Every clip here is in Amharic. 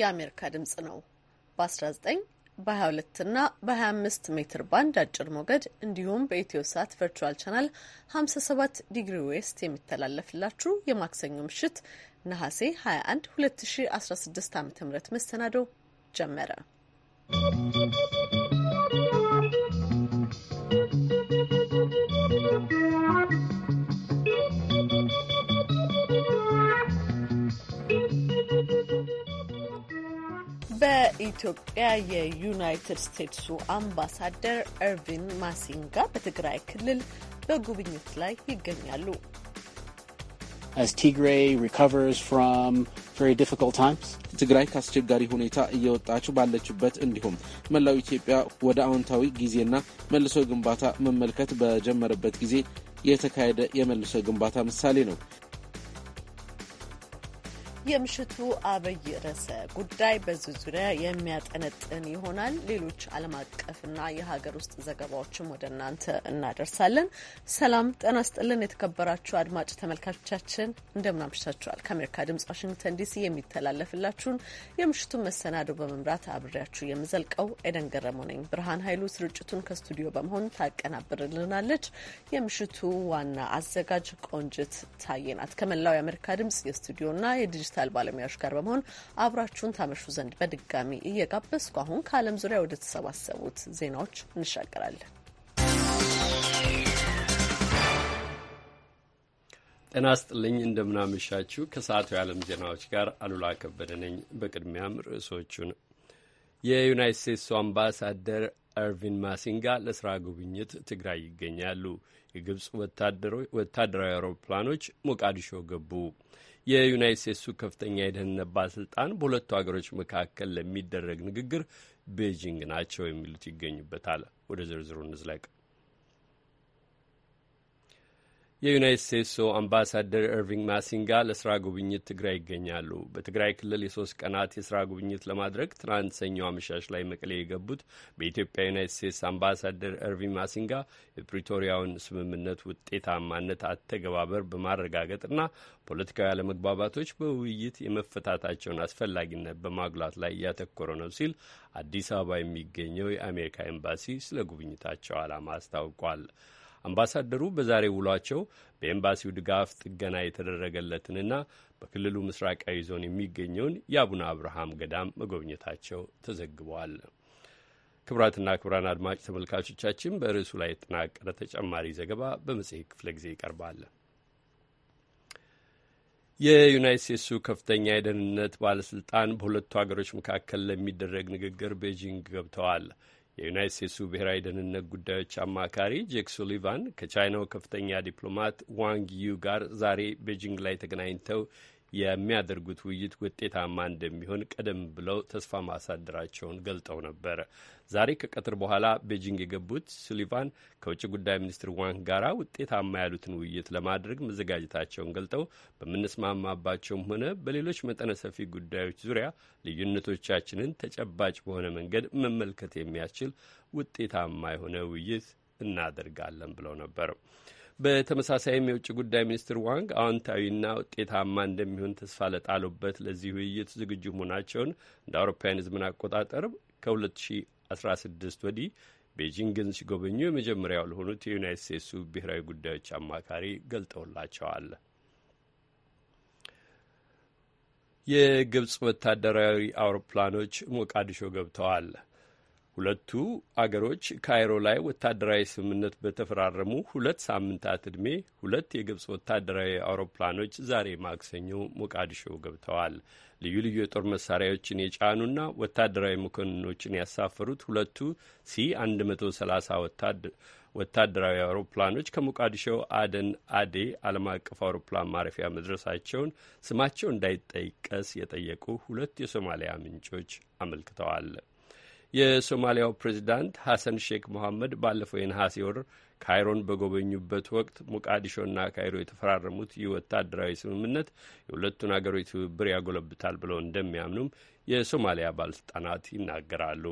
የአሜሪካ ድምጽ ነው። በ19 በ22 እና በ25 ሜትር ባንድ አጭር ሞገድ እንዲሁም በኢትዮ ሳት ቨርቹዋል ቻናል 57 ዲግሪ ዌስት የሚተላለፍላችሁ የማክሰኞ ምሽት ነሐሴ 21 2016 ዓ ም መሰናዶው ጀመረ። በኢትዮጵያ የዩናይትድ ስቴትሱ አምባሳደር እርቪን ማሲንጋ በትግራይ ክልል በጉብኝት ላይ ይገኛሉ። ትግራይ ከአስቸጋሪ ሁኔታ እየወጣች ባለችበት እንዲሁም መላው ኢትዮጵያ ወደ አዎንታዊ ጊዜና መልሶ ግንባታ መመልከት በጀመረበት ጊዜ የተካሄደ የመልሶ ግንባታ ምሳሌ ነው። የምሽቱ አብይ ርዕሰ ጉዳይ በዚህ ዙሪያ የሚያጠነጥን ይሆናል። ሌሎች ዓለም አቀፍና የሀገር ውስጥ ዘገባዎችም ወደ እናንተ እናደርሳለን። ሰላም ጤና ይስጥልን። የተከበራችሁ አድማጭ ተመልካቾቻችን እንደምን አምሽታችኋል? ከአሜሪካ ድምጽ ዋሽንግተን ዲሲ የሚተላለፍላችሁን የምሽቱን መሰናዶ በመምራት አብሬያችሁ የምዘልቀው ኤደን ገረመው ነኝ። ብርሃን ኃይሉ ስርጭቱን ከስቱዲዮ በመሆን ታቀናብርልናለች። የምሽቱ ዋና አዘጋጅ ቆንጅት ታየናት። ከመላው የአሜሪካ ድምጽ የስቱዲዮና የዲጂታል ዲጂታል ባለሙያዎች ጋር በመሆን አብራችሁን ታመሹ ዘንድ በድጋሚ እየጋበዝኩ አሁን ከዓለም ዙሪያ ወደ ተሰባሰቡት ዜናዎች እንሻገራለን። ጤና ስጥልኝ እንደምናመሻችሁ። ከሰዓቱ የዓለም ዜናዎች ጋር አሉላ ከበደ ነኝ። በቅድሚያም ርዕሶቹን የዩናይት ስቴትሱ አምባሳደር እርቪን ማሲንጋ ለስራ ጉብኝት ትግራይ ይገኛሉ። የግብፅ ወታደራዊ አውሮፕላኖች ሞቃዲሾ ገቡ። የዩናይት ስቴትሱ ከፍተኛ የደህንነት ባለስልጣን በሁለቱ ሀገሮች መካከል ለሚደረግ ንግግር ቤጂንግ ናቸው የሚሉት ይገኙበታል። ወደ ዝርዝሩ እንዝለቅ። የዩናይት ስቴትሱ አምባሳደር ኤርቪንግ ማሲንጋ ለስራ ጉብኝት ትግራይ ይገኛሉ። በትግራይ ክልል የሶስት ቀናት የስራ ጉብኝት ለማድረግ ትናንት ሰኞ አመሻሽ ላይ መቀሌ የገቡት በኢትዮጵያ ዩናይት ስቴትስ አምባሳደር ኢርቪንግ ማሲንጋ የፕሪቶሪያውን ስምምነት ውጤታማነት አተገባበር በማረጋገጥና ፖለቲካዊ አለመግባባቶች በውይይት የመፈታታቸውን አስፈላጊነት በማጉላት ላይ እያተኮረ ነው ሲል አዲስ አበባ የሚገኘው የአሜሪካ ኤምባሲ ስለ ጉብኝታቸው ዓላማ አስታውቋል። አምባሳደሩ በዛሬ ውሏቸው በኤምባሲው ድጋፍ ጥገና የተደረገለትንና በክልሉ ምስራቃዊ ዞን የሚገኘውን የአቡነ አብርሃም ገዳም መጎብኘታቸው ተዘግበዋል። ክቡራትና ክቡራን አድማጭ ተመልካቾቻችን በርዕሱ ላይ የተጠናቀረ ተጨማሪ ዘገባ በመጽሔት ክፍለ ጊዜ ይቀርባል። የዩናይት ስቴትሱ ከፍተኛ የደህንነት ባለስልጣን በሁለቱ ሀገሮች መካከል ለሚደረግ ንግግር ቤጂንግ ገብተዋል። የዩናይት ስቴትሱ ብሔራዊ ደህንነት ጉዳዮች አማካሪ ጄክ ሱሊቫን ከቻይናው ከፍተኛ ዲፕሎማት ዋንግ ዩ ጋር ዛሬ ቤጂንግ ላይ ተገናኝተው የሚያደርጉት ውይይት ውጤታማ እንደሚሆን ቀደም ብለው ተስፋ ማሳደራቸውን ገልጠው ነበር። ዛሬ ከቀትር በኋላ ቤጂንግ የገቡት ሱሊቫን ከውጭ ጉዳይ ሚኒስትር ዋንግ ጋር ውጤታማ ያሉትን ውይይት ለማድረግ መዘጋጀታቸውን ገልጠው በምንስማማባቸውም ሆነ በሌሎች መጠነ ሰፊ ጉዳዮች ዙሪያ ልዩነቶቻችንን ተጨባጭ በሆነ መንገድ መመልከት የሚያስችል ውጤታማ የሆነ ውይይት እናደርጋለን ብለው ነበር። በተመሳሳይም የውጭ ጉዳይ ሚኒስትር ዋንግ አዎንታዊና ውጤታማ እንደሚሆን ተስፋ ለጣሉበት ለዚህ ውይይት ዝግጁ መሆናቸውን እንደ አውሮፓውያን ሕዝብን አቆጣጠር ከ2000 16 ወዲህ ቤጂንግን ሲጎበኙ የመጀመሪያው ለሆኑት የዩናይት ስቴትሱ ብሔራዊ ጉዳዮች አማካሪ ገልጠውላቸዋል። የግብፅ ወታደራዊ አውሮፕላኖች ሞቃዲሾ ገብተዋል። ሁለቱ አገሮች ካይሮ ላይ ወታደራዊ ስምምነት በተፈራረሙ ሁለት ሳምንታት ዕድሜ ሁለት የግብፅ ወታደራዊ አውሮፕላኖች ዛሬ ማክሰኞ ሞቃዲሾ ገብተዋል። ልዩ ልዩ የጦር መሳሪያዎችን የጫኑና ወታደራዊ መኮንኖችን ያሳፈሩት ሁለቱ ሲ 130 ወታደራዊ አውሮፕላኖች ከሞቃዲሾ አደን አዴ ዓለም አቀፍ አውሮፕላን ማረፊያ መድረሳቸውን ስማቸው እንዳይጠቀስ የጠየቁ ሁለት የሶማሊያ ምንጮች አመልክተዋል። የሶማሊያው ፕሬዚዳንት ሐሰን ሼክ መሐመድ ባለፈው የነሐሴ ወር ካይሮን በጎበኙበት ወቅት ሞቃዲሾና ካይሮ የተፈራረሙት ይህ ወታደራዊ ስምምነት የሁለቱን አገሮች ትብብር ያጎለብታል ብለው እንደሚያምኑም የሶማሊያ ባለስልጣናት ይናገራሉ።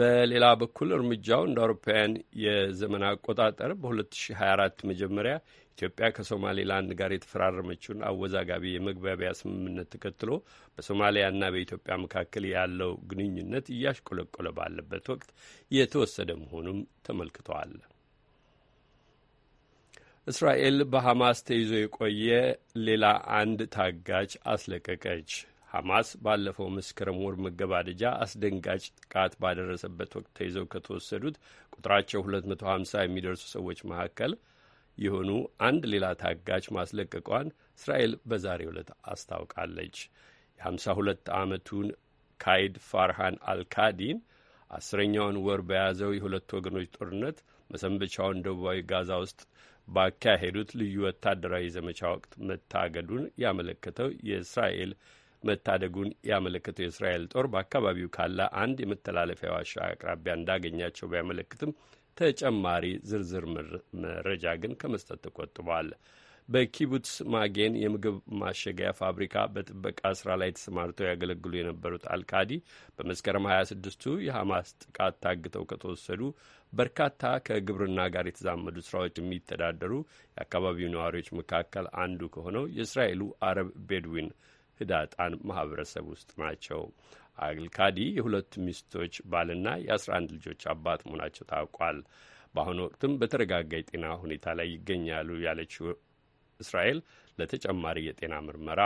በሌላ በኩል እርምጃው እንደ አውሮፓውያን የዘመን አቆጣጠር በ2024 መጀመሪያ ኢትዮጵያ ከሶማሌላንድ ጋር የተፈራረመችውን አወዛጋቢ የመግባቢያ ስምምነት ተከትሎ በሶማሊያና በኢትዮጵያ መካከል ያለው ግንኙነት እያሽቆለቆለ ባለበት ወቅት የተወሰደ መሆኑም ተመልክተዋል። እስራኤል በሐማስ ተይዞ የቆየ ሌላ አንድ ታጋች አስለቀቀች። ሐማስ ባለፈው መስከረም ወር መገባደጃ አስደንጋጭ ጥቃት ባደረሰበት ወቅት ተይዘው ከተወሰዱት ቁጥራቸው 250 የሚደርሱ ሰዎች መካከል የሆኑ አንድ ሌላ ታጋች ማስለቀቋን እስራኤል በዛሬ ዕለት አስታውቃለች። የ52 ዓመቱን ካይድ ፋርሃን አልካዲን አስረኛውን ወር በያዘው የሁለቱ ወገኖች ጦርነት መሰንበቻውን ደቡባዊ ጋዛ ውስጥ ባካሄዱት ልዩ ወታደራዊ ዘመቻ ወቅት መታገዱን ያመለከተው የእስራኤል መታደጉን ያመለከተው የእስራኤል ጦር በአካባቢው ካለ አንድ የመተላለፊያ ዋሻ አቅራቢያ እንዳገኛቸው ቢያመለክትም ተጨማሪ ዝርዝር መረጃ ግን ከመስጠት ተቆጥቧል። በኪቡትስ ማጌን የምግብ ማሸጊያ ፋብሪካ በጥበቃ ስራ ላይ ተሰማርተው ያገለግሉ የነበሩት አልካዲ በመስከረም 26ቱ የሐማስ ጥቃት ታግተው ከተወሰዱ በርካታ ከግብርና ጋር የተዛመዱ ስራዎች የሚተዳደሩ የአካባቢው ነዋሪዎች መካከል አንዱ ከሆነው የእስራኤሉ አረብ ቤድዊን ህዳጣን ማህበረሰብ ውስጥ ናቸው። አልካዲ የሁለት ሚስቶች ባልና የ11 ልጆች አባት መሆናቸው ታውቋል። በአሁኑ ወቅትም በተረጋጋ የጤና ሁኔታ ላይ ይገኛሉ ያለችው እስራኤል ለተጨማሪ የጤና ምርመራ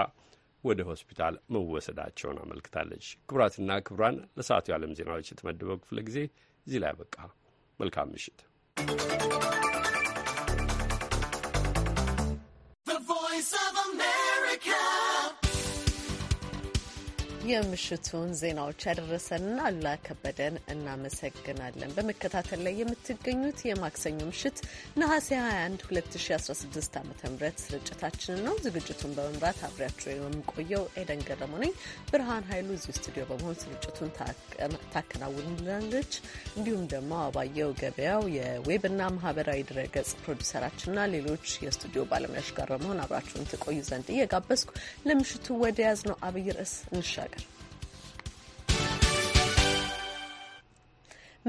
ወደ ሆስፒታል መወሰዳቸውን አመልክታለች። ክቡራትና ክቡራን ለሰዓቱ የዓለም ዜናዎች የተመደበው ክፍለ ጊዜ እዚህ ላይ አበቃ። መልካም ምሽት። የምሽቱን ዜናዎች ያደረሰንን አሉላ ከበደን እናመሰግናለን። በመከታተል ላይ የምትገኙት የማክሰኞ ምሽት ነሐሴ 21 2016 ዓ ም ስርጭታችንን ነው። ዝግጅቱን በመምራት አብሪያቸው የምቆየው ኤደን ገረሙ ነኝ። ብርሃን ኃይሉ እዚሁ ስቱዲዮ በመሆን ስርጭቱን ታከናውንላለች። እንዲሁም ደግሞ አባየው ገበያው የዌብና ማህበራዊ ድረገጽ ፕሮዲሰራችንና ሌሎች የስቱዲዮ ባለሙያዎች ጋር በመሆን አብራችሁን ትቆዩ ዘንድ እየጋበዝኩ ለምሽቱ ወደ ያዝ ነው አብይ ርዕስ እንሻገር።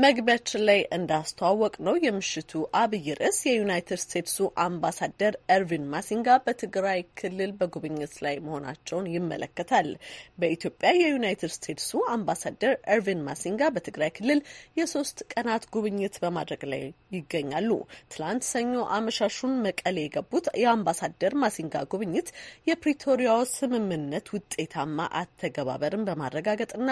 መግቢያችን ላይ እንዳስተዋወቅ ነው የምሽቱ አብይ ርዕስ የዩናይትድ ስቴትሱ አምባሳደር ኤርቪን ማሲንጋ በትግራይ ክልል በጉብኝት ላይ መሆናቸውን ይመለከታል። በኢትዮጵያ የዩናይትድ ስቴትሱ አምባሳደር ኤርቪን ማሲንጋ በትግራይ ክልል የሶስት ቀናት ጉብኝት በማድረግ ላይ ይገኛሉ። ትላንት ሰኞ አመሻሹን መቀሌ የገቡት የአምባሳደር ማሲንጋ ጉብኝት የፕሪቶሪያው ስምምነት ውጤታማ አተገባበርን በማረጋገጥና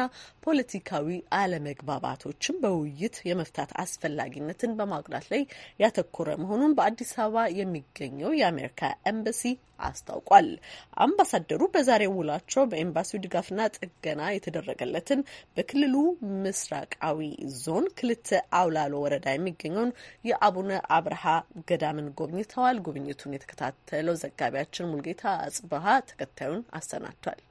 ፖለቲካዊ አለመግባባቶችን በውይ በውይይት የመፍታት አስፈላጊነትን በማጉላት ላይ ያተኮረ መሆኑን በአዲስ አበባ የሚገኘው የአሜሪካ ኤምባሲ አስታውቋል። አምባሳደሩ በዛሬ ውላቸው በኤምባሲው ድጋፍና ጥገና የተደረገለትን በክልሉ ምስራቃዊ ዞን ክልተ አውላሎ ወረዳ የሚገኘውን የአቡነ አብርሃ ገዳምን ጎብኝተዋል። ጉብኝቱን የተከታተለው ዘጋቢያችን ሙልጌታ አጽበሀ ተከታዩን አሰናድቷል።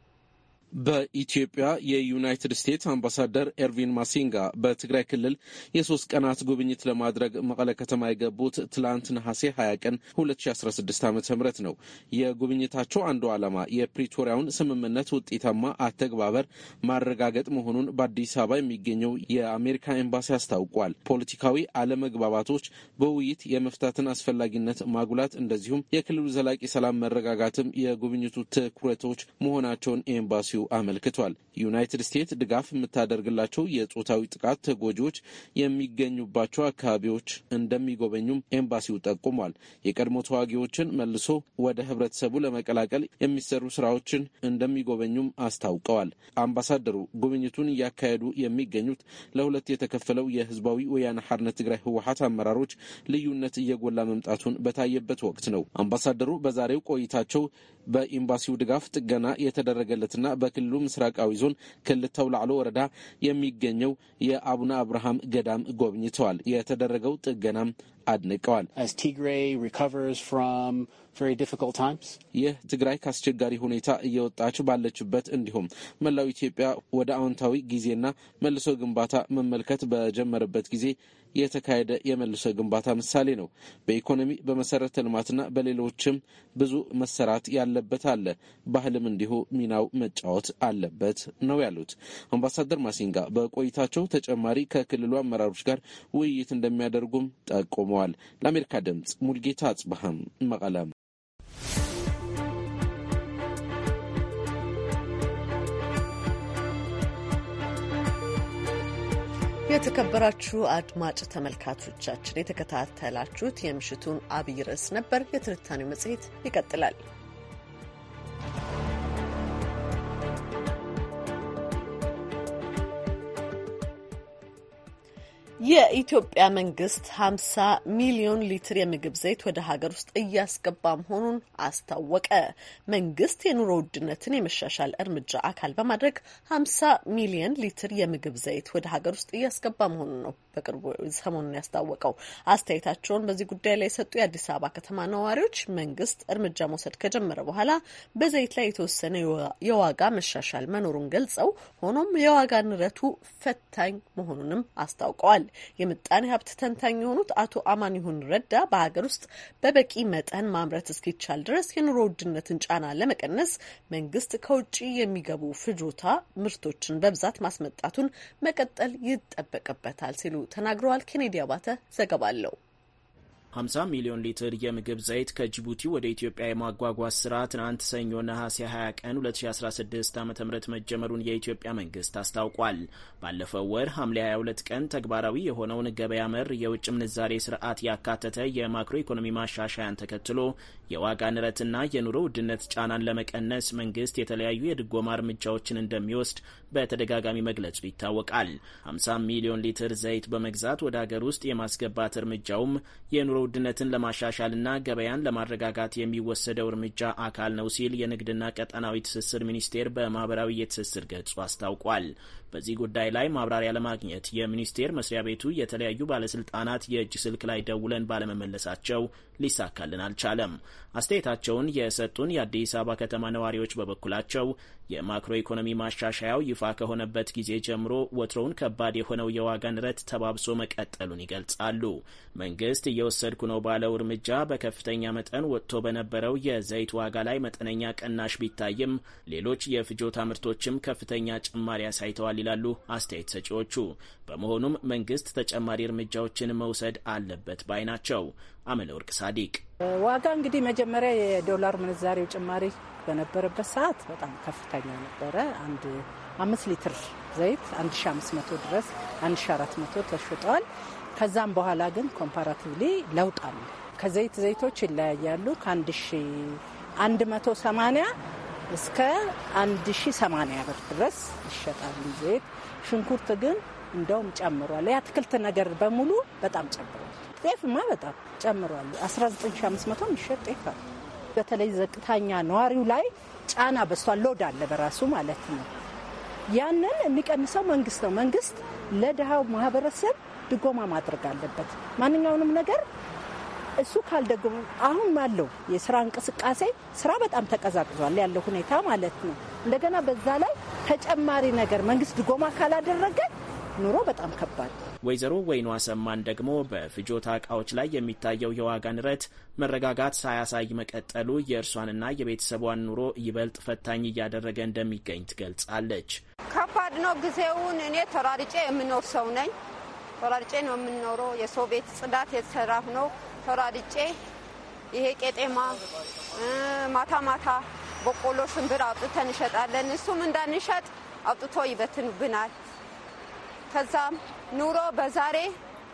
በኢትዮጵያ የዩናይትድ ስቴትስ አምባሳደር ኤርቪን ማሲንጋ በትግራይ ክልል የሶስት ቀናት ጉብኝት ለማድረግ መቀለ ከተማ የገቡት ትላንት ነሐሴ 20 ቀን 2016 ዓ ም ነው። የጉብኝታቸው አንዱ ዓላማ የፕሪቶሪያውን ስምምነት ውጤታማ አተግባበር ማረጋገጥ መሆኑን በአዲስ አበባ የሚገኘው የአሜሪካ ኤምባሲ አስታውቋል። ፖለቲካዊ አለመግባባቶች በውይይት የመፍታትን አስፈላጊነት ማጉላት፣ እንደዚሁም የክልሉ ዘላቂ ሰላም መረጋጋትም የጉብኝቱ ትኩረቶች መሆናቸውን ኤምባሲው አመልክቷል። ዩናይትድ ስቴትስ ድጋፍ የምታደርግላቸው የጾታዊ ጥቃት ተጎጂዎች የሚገኙባቸው አካባቢዎች እንደሚጎበኙም ኤምባሲው ጠቁሟል። የቀድሞ ተዋጊዎችን መልሶ ወደ ህብረተሰቡ ለመቀላቀል የሚሰሩ ስራዎችን እንደሚጎበኙም አስታውቀዋል። አምባሳደሩ ጉብኝቱን እያካሄዱ የሚገኙት ለሁለት የተከፈለው የህዝባዊ ወያነ ሓርነት ትግራይ ህወሀት አመራሮች ልዩነት እየጎላ መምጣቱን በታየበት ወቅት ነው። አምባሳደሩ በዛሬው ቆይታቸው በኤምባሲው ድጋፍ ጥገና የተደረገለትና በ በክልሉ ምስራቃዊ ዞን ክልተው ላዕሎ ወረዳ የሚገኘው የአቡነ አብርሃም ገዳም ጎብኝተዋል። የተደረገው ጥገናም አድንቀዋል። ይህ ትግራይ ከአስቸጋሪ ሁኔታ እየወጣች ባለችበት እንዲሁም መላው ኢትዮጵያ ወደ አዎንታዊ ጊዜና መልሶ ግንባታ መመልከት በጀመረበት ጊዜ የተካሄደ የመልሶ ግንባታ ምሳሌ ነው። በኢኮኖሚ በመሰረተ ልማትና በሌሎችም ብዙ መሰራት ያለበት አለ። ባህልም እንዲሁ ሚናው መጫወት አለበት ነው ያሉት አምባሳደር ማሲንጋ በቆይታቸው ተጨማሪ ከክልሉ አመራሮች ጋር ውይይት እንደሚያደርጉም ጠቁሞ ዘግበዋል። ለአሜሪካ ድምፅ ሙልጌታ አጽብሃም መቀለም። የተከበራችሁ አድማጭ ተመልካቾቻችን የተከታተላችሁት የምሽቱን አብይ ርዕስ ነበር። የትንታኔው መጽሔት ይቀጥላል። የኢትዮጵያ መንግስት 50 ሚሊዮን ሊትር የምግብ ዘይት ወደ ሀገር ውስጥ እያስገባ መሆኑን አስታወቀ። መንግስት የኑሮ ውድነትን የመሻሻል እርምጃ አካል በማድረግ 50 ሚሊዮን ሊትር የምግብ ዘይት ወደ ሀገር ውስጥ እያስገባ መሆኑን ነው በቅርቡ ሰሞኑን ያስታወቀው። አስተያየታቸውን በዚህ ጉዳይ ላይ የሰጡ የአዲስ አበባ ከተማ ነዋሪዎች መንግስት እርምጃ መውሰድ ከጀመረ በኋላ በዘይት ላይ የተወሰነ የዋጋ መሻሻል መኖሩን ገልጸው ሆኖም የዋጋ ንረቱ ፈታኝ መሆኑንም አስታውቀዋል። የምጣኔ ሀብት ተንታኝ የሆኑት አቶ ይሁን ረዳ በሀገር ውስጥ በበቂ መጠን ማምረት እስኪቻል ድረስ የኑሮ ውድነትን ጫና ለመቀነስ መንግስት ከውጭ የሚገቡ ፍጆታ ምርቶችን በብዛት ማስመጣቱን መቀጠል ይጠበቅበታል ሲሉ ተናግረዋል። ኬኔዲ አባተ ዘገባ አለው። 50 ሚሊዮን ሊትር የምግብ ዘይት ከጅቡቲ ወደ ኢትዮጵያ የማጓጓዝ ስራ ትናንት ሰኞ ነሐሴ 20 ቀን 2016 ዓ ም መጀመሩን የኢትዮጵያ መንግስት አስታውቋል። ባለፈው ወር ሐምሌ 22 ቀን ተግባራዊ የሆነውን ገበያ መር የውጭ ምንዛሬ ስርዓት ያካተተ የማክሮ ኢኮኖሚ ማሻሻያን ተከትሎ የዋጋ ንረትና የኑሮ ውድነት ጫናን ለመቀነስ መንግስት የተለያዩ የድጎማ እርምጃዎችን እንደሚወስድ በተደጋጋሚ መግለጹ ይታወቃል። 50 ሚሊዮን ሊትር ዘይት በመግዛት ወደ ሀገር ውስጥ የማስገባት እርምጃውም የኑሮ ውድነትን ለማሻሻልና ገበያን ለማረጋጋት የሚወሰደው እርምጃ አካል ነው ሲል የንግድና ቀጠናዊ ትስስር ሚኒስቴር በማህበራዊ የትስስር ገጹ አስታውቋል። በዚህ ጉዳይ ላይ ማብራሪያ ለማግኘት የሚኒስቴር መስሪያ ቤቱ የተለያዩ ባለስልጣናት የእጅ ስልክ ላይ ደውለን ባለመመለሳቸው ሊሳካልን አልቻለም። አስተያየታቸውን የሰጡን የአዲስ አበባ ከተማ ነዋሪዎች በበኩላቸው የማክሮ ኢኮኖሚ ማሻሻያው ይፋ ከሆነበት ጊዜ ጀምሮ ወትሮውን ከባድ የሆነው የዋጋ ንረት ተባብሶ መቀጠሉን ይገልጻሉ። መንግስት እየወሰድኩ ነው ባለው እርምጃ በከፍተኛ መጠን ወጥቶ በነበረው የዘይት ዋጋ ላይ መጠነኛ ቅናሽ ቢታይም ሌሎች የፍጆታ ምርቶችም ከፍተኛ ጭማሪ አሳይተዋል ይላሉ አስተያየት ሰጪዎቹ። በመሆኑም መንግስት ተጨማሪ እርምጃዎችን መውሰድ አለበት ባይ ናቸው። አመለወርቅ ሳዲቅ ዋጋ እንግዲህ መጀመሪያ የዶላር ምንዛሬው ጭማሪ በነበረበት ሰዓት በጣም ከፍተኛ ነበረ። አንድ አምስት ሊትር ዘይት መቶ ድረስ መቶ ተሽጧል። ከዛም በኋላ ግን ኮምፓራቲቭሊ ለውጥ አለ። ከዘይት ዘይቶች ይለያያሉ መቶ ሰማኒያ እስከ ሰማኒያ ብር ድረስ ይሸጣል ዘይት። ሽንኩርት ግን እንደውም ጨምሯል። የአትክልት ነገር በሙሉ በጣም ጨምሯል። ጤፍማ በጣም ጨምሯል። 19500 የሚሸጥ ጤፍ አለ። በተለይ ዘቅታኛ ነዋሪው ላይ ጫና በዝቷል። ሎድ አለ በራሱ ማለት ነው። ያንን የሚቀንሰው መንግስት ነው። መንግስት ለድሃው ማህበረሰብ ድጎማ ማድረግ አለበት። ማንኛውንም ነገር እሱ ካልደጎመ አሁን ባለው የስራ እንቅስቃሴ ስራ በጣም ተቀዛቅዟል ያለው ሁኔታ ማለት ነው። እንደገና በዛ ላይ ተጨማሪ ነገር መንግስት ድጎማ ካላደረገ ኑሮ በጣም ከባድ ወይዘሮ ወይኗ ሰማን ደግሞ በፍጆታ እቃዎች ላይ የሚታየው የዋጋ ንረት መረጋጋት ሳያሳይ መቀጠሉ የእርሷንና የቤተሰቧን ኑሮ ይበልጥ ፈታኝ እያደረገ እንደሚገኝ ትገልጻለች። ከባድ ነው ጊዜውን። እኔ ተራርጬ የምኖር ሰው ነኝ። ተራርጬ ነው የምኖረው። የሰው ቤት ጽዳት የተሰራፍ ነው ተራርጬ። ይሄ ቄጤማ ማታ ማታ በቆሎ፣ ሽምብር አውጥተን እንሸጣለን። እሱም እንዳንሸጥ አውጥቶ ይበትኑብናል። ከዛም ኑሮ በዛሬ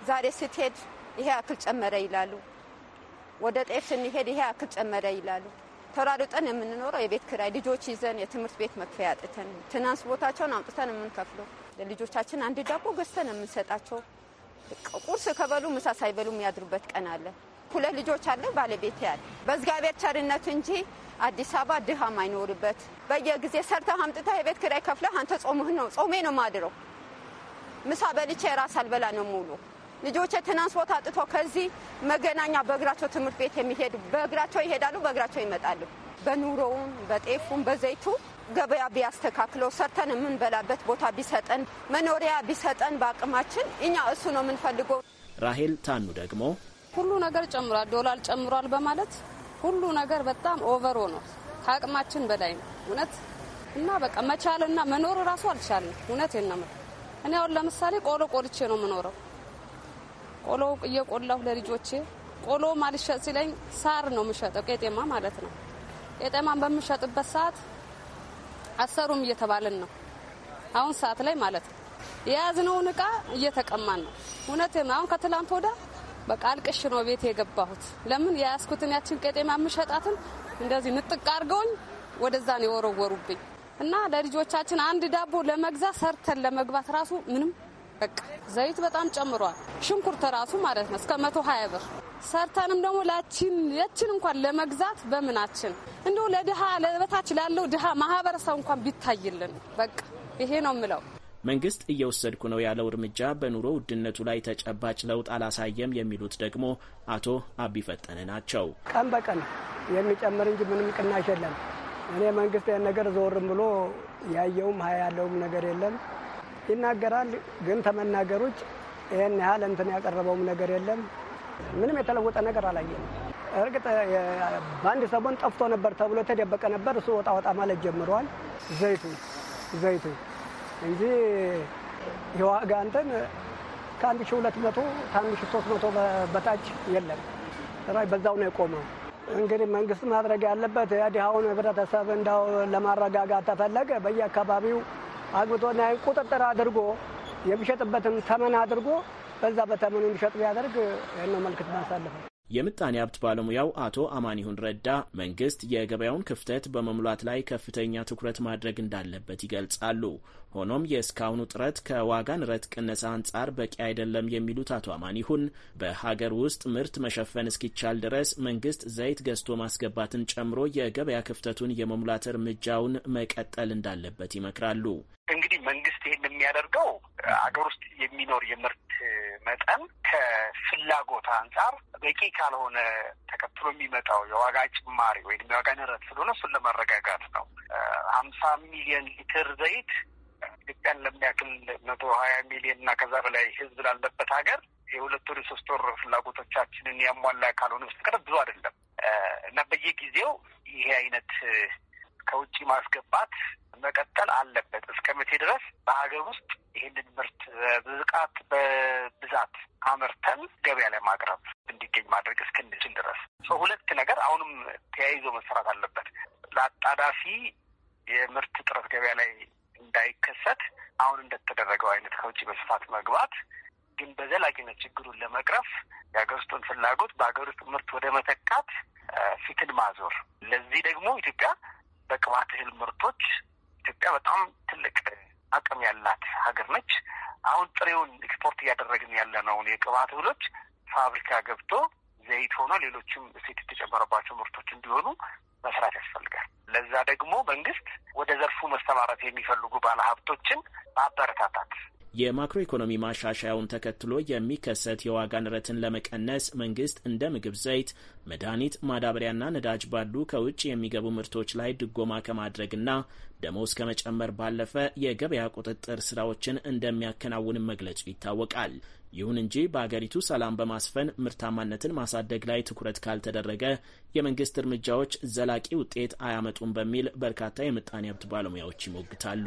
ዛሬ ስትሄድ ይሄ አክል ጨመረ ይላሉ። ወደ ጤፍ ስንሄድ ይሄ አክል ጨመረ ይላሉ። ተራርጠን የምንኖረው የቤት ክራይ ልጆች ይዘን የትምህርት ቤት መክፈያ አጥተን ትናንስ ቦታቸውን አምጥተን የምንከፍለው ለልጆቻችን አንድ ዳቦ ገዝተን የምንሰጣቸው ቁርስ ከበሉ ምሳ ሳይበሉ የሚያድሩበት ቀን አለ። ሁለት ልጆች አለ ባለቤት ያለ በእግዚአብሔር ቸርነት እንጂ አዲስ አበባ ድሃ ማይኖርበት በየጊዜ ሰርተህ አምጥተህ የቤት ክራይ ከፍለህ አንተ ጾምህ ነው ጾሜ ነው ማድረው ምሳ በልቼ ራስ አልበላ ነው ሙሉ ልጆቼ ትራንስፖርት አጥቶ ከዚህ መገናኛ በእግራቸው ትምህርት ቤት የሚሄዱ በእግራቸው ይሄዳሉ፣ በእግራቸው ይመጣሉ። በኑሮውም በጤፉም በዘይቱ ገበያ ቢያስተካክለው ሰርተን የምንበላበት ቦታ ቢሰጠን፣ መኖሪያ ቢሰጠን በአቅማችን እኛ እሱ ነው የምንፈልገው። ራሄል ታኑ ደግሞ ሁሉ ነገር ጨምሯል፣ ዶላር ጨምሯል በማለት ሁሉ ነገር በጣም ኦቨሮ ነው፣ ከአቅማችን በላይ ነው እውነት እና በቃ መቻልና መኖር እራሱ አልቻልንም እውነት ነው እኔ አሁን ለምሳሌ ቆሎ ቆልቼ ነው የምኖረው። ቆሎ እየቆላሁ ለልጆቼ ቆሎ ማልሸጥ ሲለኝ ሳር ነው የምሸጠው፣ ቄጤማ ማለት ነው። ቄጤማን በምሸጥበት ሰዓት አሰሩም እየተባልን ነው አሁን ሰዓት ላይ ማለት ነው። የያዝነውን እቃ እየተቀማን ነው። እውነትም አሁን ከትላንት ወዳ በቃ አልቅሽ ነው ቤት የገባሁት። ለምን የያዝኩትን ያችን ቄጤማ የምሸጣትን እንደዚህ ንጥቅ አድርገውኝ ወደዛ ነው የወረወሩብኝ። እና ለልጆቻችን አንድ ዳቦ ለመግዛት ሰርተን ለመግባት ራሱ ምንም በቃ ዘይት በጣም ጨምሯል። ሽንኩርት ራሱ ማለት ነው እስከ መቶ ሀያ ብር ሰርተንም ደግሞ ላችን የችን እንኳን ለመግዛት በምናችን እንዲሁ ለድሃ ለበታች ላለው ድሃ ማህበረሰብ እንኳን ቢታይልን በቃ ይሄ ነው ምለው መንግስት እየወሰድኩ ነው ያለው እርምጃ በኑሮ ውድነቱ ላይ ተጨባጭ ለውጥ አላሳየም የሚሉት ደግሞ አቶ አቢ ፈጠነ ናቸው። ቀን በቀን የሚጨምር እንጂ ምንም ቅናሽ የለም። እኔ መንግስት ይህን ነገር ዞርም ብሎ ያየውም ሀያ ያለውም ነገር የለም። ይናገራል ግን ተመናገር ውጭ ይህን ያህል እንትን ያቀረበውም ነገር የለም። ምንም የተለወጠ ነገር አላየም። እርግጥ በአንድ ሰሞን ጠፍቶ ነበር ተብሎ የተደበቀ ነበር። እሱ ወጣ ወጣ ማለት ጀምረዋል። ዘይቱ ዘይቱ እንጂ የዋጋ እንትን ከአንድ ሺ ሁለት መቶ ከአንድ ሺ ሶስት መቶ በታች የለም። በዛው ነው የቆመው። እንግዲህ መንግስት ማድረግ ያለበት የድሃውን ህብረተሰብ እንዳው ለማረጋጋት ተፈለገ በየአካባቢው አግብቶና ይህን ቁጥጥር አድርጎ የሚሸጥበትን ተመን አድርጎ በዛ በተመኑ እንዲሸጥ ቢያደርግ ይህን ነው መልክት ማሳለፈ የምጣኔ ሀብት ባለሙያው አቶ አማኒሁን ረዳ መንግስት የገበያውን ክፍተት በመሙላት ላይ ከፍተኛ ትኩረት ማድረግ እንዳለበት ይገልጻሉ። ሆኖም የእስካሁኑ ጥረት ከዋጋ ንረት ቅነሳ አንጻር በቂ አይደለም የሚሉት አቶ አማኒሁን በሀገር ውስጥ ምርት መሸፈን እስኪቻል ድረስ መንግስት ዘይት ገዝቶ ማስገባትን ጨምሮ የገበያ ክፍተቱን የመሙላት እርምጃውን መቀጠል እንዳለበት ይመክራሉ። እንግዲህ መንግስት ይህን የሚያደርገው አገር ውስጥ የሚኖር የምርት መጠን ከፍላጎት አንጻር በቂ ካልሆነ ተከትሎ የሚመጣው የዋጋ ጭማሪ ወይም የዋጋ ንረት ስለሆነ እሱን ለማረጋጋት ነው። ሀምሳ ሚሊዮን ሊትር ዘይት ኢትዮጵያን ለሚያክል መቶ ሀያ ሚሊዮን እና ከዛ በላይ ህዝብ ላለበት ሀገር የሁለት ወር የሶስት ወር ፍላጎቶቻችንን ያሟላ ካልሆነ በስተቀር ብዙ አይደለም እና በየጊዜው ይሄ አይነት ከውጭ ማስገባት መቀጠል አለበት። እስከ መቼ ድረስ በሀገር ውስጥ ይህንን ምርት ብቃት በብዛት አምርተን ገበያ ላይ ማቅረብ እንዲገኝ ማድረግ እስክንችል ድረስ ሁለት ነገር አሁንም ተያይዞ መሰራት አለበት። ለአጣዳፊ የምርት እጥረት ገበያ ላይ እንዳይከሰት አሁን እንደተደረገው አይነት ከውጭ በስፋት መግባት ግን በዘላቂነት ችግሩን ለመቅረፍ የሀገር ውስጡን ፍላጎት በሀገር ውስጥ ምርት ወደ መተካት ፊትን ማዞር ለዚህ ደግሞ ኢትዮጵያ በቅባት እህል ምርቶች ኢትዮጵያ በጣም ትልቅ አቅም ያላት ሀገር ነች። አሁን ጥሬውን ኤክስፖርት እያደረግን ያለነውን የቅባት እህሎች ፋብሪካ ገብቶ ዘይት ሆኖ ሌሎችም እሴት የተጨመረባቸው ምርቶች እንዲሆኑ መስራት ያስፈልጋል። ለዛ ደግሞ መንግስት ወደ ዘርፉ መሰማራት የሚፈልጉ ባለሀብቶችን ማበረታታት የማክሮ ኢኮኖሚ ማሻሻያውን ተከትሎ የሚከሰት የዋጋ ንረትን ለመቀነስ መንግስት እንደ ምግብ ዘይት፣ መድኃኒት፣ ማዳበሪያና ነዳጅ ባሉ ከውጭ የሚገቡ ምርቶች ላይ ድጎማ ከማድረግና ደሞዝ ከመጨመር ባለፈ የገበያ ቁጥጥር ስራዎችን እንደሚያከናውንም መግለጹ ይታወቃል። ይሁን እንጂ በአገሪቱ ሰላም በማስፈን ምርታማነትን ማሳደግ ላይ ትኩረት ካልተደረገ የመንግስት እርምጃዎች ዘላቂ ውጤት አያመጡም በሚል በርካታ የምጣኔ ሀብት ባለሙያዎች ይሞግታሉ።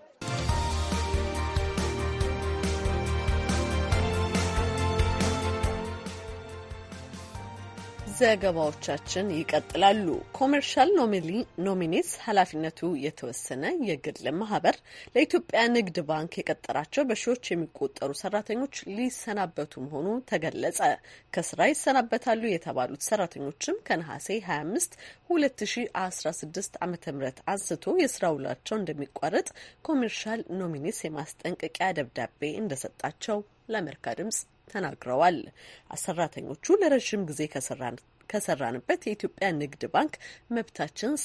ዘገባዎቻችን ይቀጥላሉ። ኮሜርሻል ኖሚኒስ ኃላፊነቱ የተወሰነ የግል ማህበር ለኢትዮጵያ ንግድ ባንክ የቀጠራቸው በሺዎች የሚቆጠሩ ሰራተኞች ሊሰናበቱ መሆኑ ተገለጸ። ከስራ ይሰናበታሉ የተባሉት ሰራተኞችም ከነሐሴ 25 2016 ዓ ም አንስቶ የስራ ውላቸው እንደሚቋረጥ ኮሜርሻል ኖሚኒስ የማስጠንቀቂያ ደብዳቤ እንደሰጣቸው ለአሜሪካ ድምጽ ተናግረዋል። ሰራተኞቹ ለረዥም ጊዜ ከሰራንበት የኢትዮጵያ ንግድ ባንክ መብታችን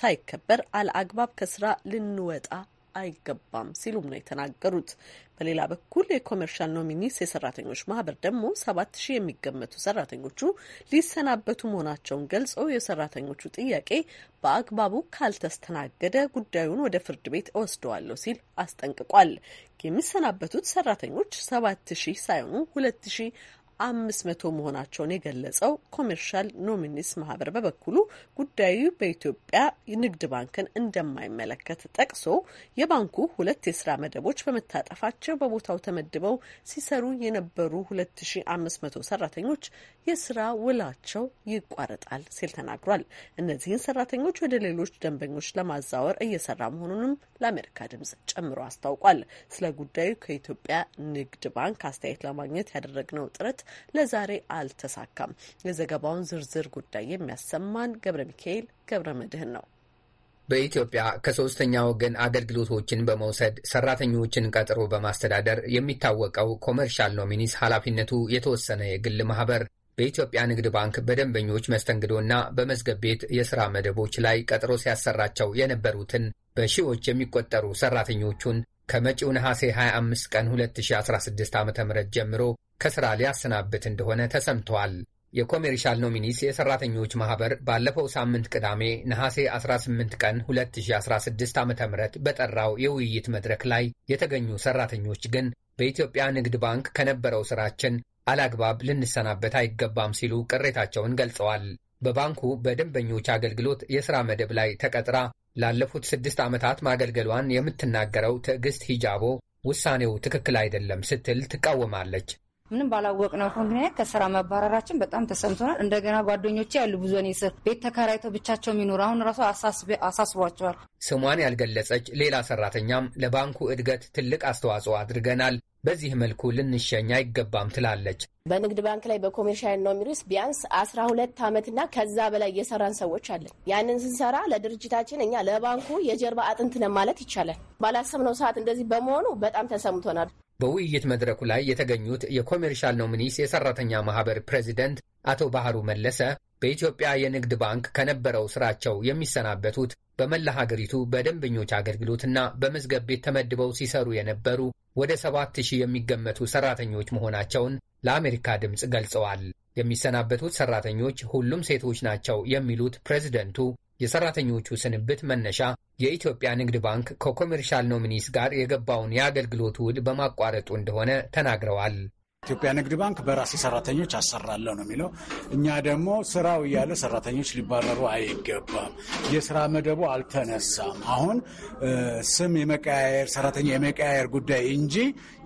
ሳይከበር አለአግባብ ከስራ ልንወጣ አይገባም ሲሉም ነው የተናገሩት። በሌላ በኩል የኮሜርሻል ኖሚኒስ የሰራተኞች ማህበር ደግሞ ሰባት ሺህ የሚገመቱ ሰራተኞቹ ሊሰናበቱ መሆናቸውን ገልጸው የሰራተኞቹ ጥያቄ በአግባቡ ካልተስተናገደ ጉዳዩን ወደ ፍርድ ቤት እወስደዋለሁ ሲል አስጠንቅቋል። የሚሰናበቱት ሰራተኞች ሰባት ሺህ ሳይሆኑ ሁለት ሺህ አምስት መቶ መሆናቸውን የገለጸው ኮሜርሻል ኖሚኒስ ማህበር በበኩሉ ጉዳዩ በኢትዮጵያ ንግድ ባንክን እንደማይመለከት ጠቅሶ የባንኩ ሁለት የስራ መደቦች በመታጠፋቸው በቦታው ተመድበው ሲሰሩ የነበሩ ሁለት ሺ አምስት መቶ ሰራተኞች የስራ ውላቸው ይቋረጣል ሲል ተናግሯል። እነዚህን ሰራተኞች ወደ ሌሎች ደንበኞች ለማዛወር እየሰራ መሆኑንም ለአሜሪካ ድምጽ ጨምሮ አስታውቋል። ስለ ጉዳዩ ከኢትዮጵያ ንግድ ባንክ አስተያየት ለማግኘት ያደረግነው ጥረት ለዛሬ አልተሳካም። የዘገባውን ዝርዝር ጉዳይ የሚያሰማን ገብረ ሚካኤል ገብረ መድህን ነው። በኢትዮጵያ ከሶስተኛ ወገን አገልግሎቶችን በመውሰድ ሰራተኞችን ቀጥሮ በማስተዳደር የሚታወቀው ኮመርሻል ኖሚኒስ ኃላፊነቱ የተወሰነ የግል ማህበር በኢትዮጵያ ንግድ ባንክ በደንበኞች መስተንግዶና በመዝገብ ቤት የሥራ መደቦች ላይ ቀጥሮ ሲያሰራቸው የነበሩትን በሺዎች የሚቆጠሩ ሰራተኞቹን ከመጪው ነሐሴ 25 ቀን 2016 ዓ ም ጀምሮ ከስራ ሊያሰናብት እንደሆነ ተሰምቷል። የኮሜርሻል ኖሚኒስ የሰራተኞች ማህበር ባለፈው ሳምንት ቅዳሜ ነሐሴ 18 ቀን 2016 ዓ ም በጠራው የውይይት መድረክ ላይ የተገኙ ሰራተኞች ግን በኢትዮጵያ ንግድ ባንክ ከነበረው ስራችን አላግባብ ልንሰናበት አይገባም ሲሉ ቅሬታቸውን ገልጸዋል። በባንኩ በደንበኞች አገልግሎት የሥራ መደብ ላይ ተቀጥራ ላለፉት ስድስት ዓመታት ማገልገሏን የምትናገረው ትዕግሥት ሂጃቦ ውሳኔው ትክክል አይደለም ስትል ትቃወማለች። ምንም ባላወቅ ነው ምክንያት ከስራ መባረራችን በጣም ተሰምቶናል። እንደገና ጓደኞቼ ያሉ ብዙ እኔ ስር ቤት ተከራይተው ብቻቸው የሚኖሩ አሁን ራሱ አሳስቧቸዋል። ስሟን ያልገለጸች ሌላ ሰራተኛም ለባንኩ እድገት ትልቅ አስተዋጽኦ አድርገናል በዚህ መልኩ ልንሸኝ አይገባም ትላለች። በንግድ ባንክ ላይ በኮሜርሻል ነው የሚሉስ ቢያንስ አስራ ሁለት ዓመትና ከዛ በላይ የሰራን ሰዎች አለን። ያንን ስንሰራ ለድርጅታችን እኛ ለባንኩ የጀርባ አጥንት ነን ማለት ይቻላል። ባላሰብነው ሰዓት እንደዚህ በመሆኑ በጣም ተሰምቶናል። በውይይት መድረኩ ላይ የተገኙት የኮሜርሻል ኖሚኒስ የሰራተኛ ማህበር ፕሬዚደንት አቶ ባህሩ መለሰ በኢትዮጵያ የንግድ ባንክ ከነበረው ስራቸው የሚሰናበቱት በመላ ሀገሪቱ በደንበኞች አገልግሎትና በመዝገብ ቤት ተመድበው ሲሰሩ የነበሩ ወደ ሰባት ሺህ የሚገመቱ ሰራተኞች መሆናቸውን ለአሜሪካ ድምፅ ገልጸዋል። የሚሰናበቱት ሰራተኞች ሁሉም ሴቶች ናቸው የሚሉት ፕሬዚደንቱ የሰራተኞቹ ስንብት መነሻ የኢትዮጵያ ንግድ ባንክ ከኮሜርሻል ኖሚኒስ ጋር የገባውን የአገልግሎት ውል በማቋረጡ እንደሆነ ተናግረዋል። ኢትዮጵያ ንግድ ባንክ በራሴ ሰራተኞች አሰራለሁ ነው የሚለው። እኛ ደግሞ ስራው እያለ ሰራተኞች ሊባረሩ አይገባም። የስራ መደቡ አልተነሳም። አሁን ስም የመቀያየር ሰራተኛ የመቀያየር ጉዳይ እንጂ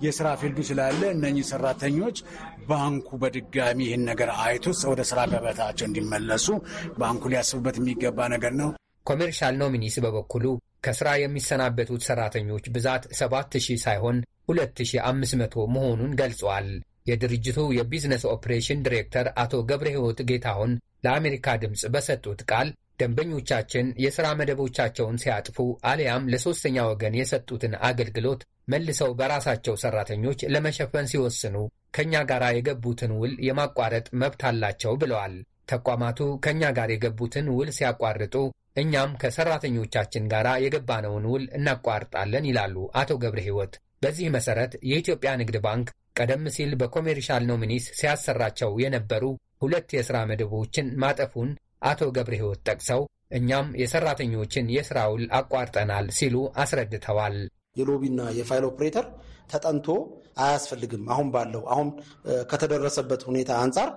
የስራ ፊልዱ ስላለ እነኚህ ሰራተኞች ባንኩ በድጋሚ ይህን ነገር አይቶ ወደ ስራ ገበታቸው እንዲመለሱ ባንኩ ሊያስቡበት የሚገባ ነገር ነው። ኮሜርሻል ኖሚኒስ በበኩሉ ከስራ የሚሰናበቱት ሰራተኞች ብዛት ሰባት ሺህ ሳይሆን 2500 መሆኑን ገልጿል። የድርጅቱ የቢዝነስ ኦፕሬሽን ዲሬክተር አቶ ገብረ ሕይወት ጌታሁን ለአሜሪካ ድምፅ በሰጡት ቃል ደንበኞቻችን የሥራ መደቦቻቸውን ሲያጥፉ አሊያም ለሦስተኛ ወገን የሰጡትን አገልግሎት መልሰው በራሳቸው ሠራተኞች ለመሸፈን ሲወስኑ ከእኛ ጋር የገቡትን ውል የማቋረጥ መብት አላቸው ብለዋል። ተቋማቱ ከእኛ ጋር የገቡትን ውል ሲያቋርጡ እኛም ከሠራተኞቻችን ጋር የገባነውን ውል እናቋርጣለን ይላሉ አቶ ገብረ ሕይወት። በዚህ መሰረት የኢትዮጵያ ንግድ ባንክ ቀደም ሲል በኮሜርሻል ኖሚኒስ ሲያሰራቸው የነበሩ ሁለት የሥራ መደቦችን ማጠፉን አቶ ገብረ ሕይወት ጠቅሰው እኛም የሠራተኞችን የሥራ ውል አቋርጠናል ሲሉ አስረድተዋል። የሎቢና የፋይል ኦፕሬተር ተጠንቶ አያስፈልግም አሁን ባለው አሁን ከተደረሰበት ሁኔታ አንጻር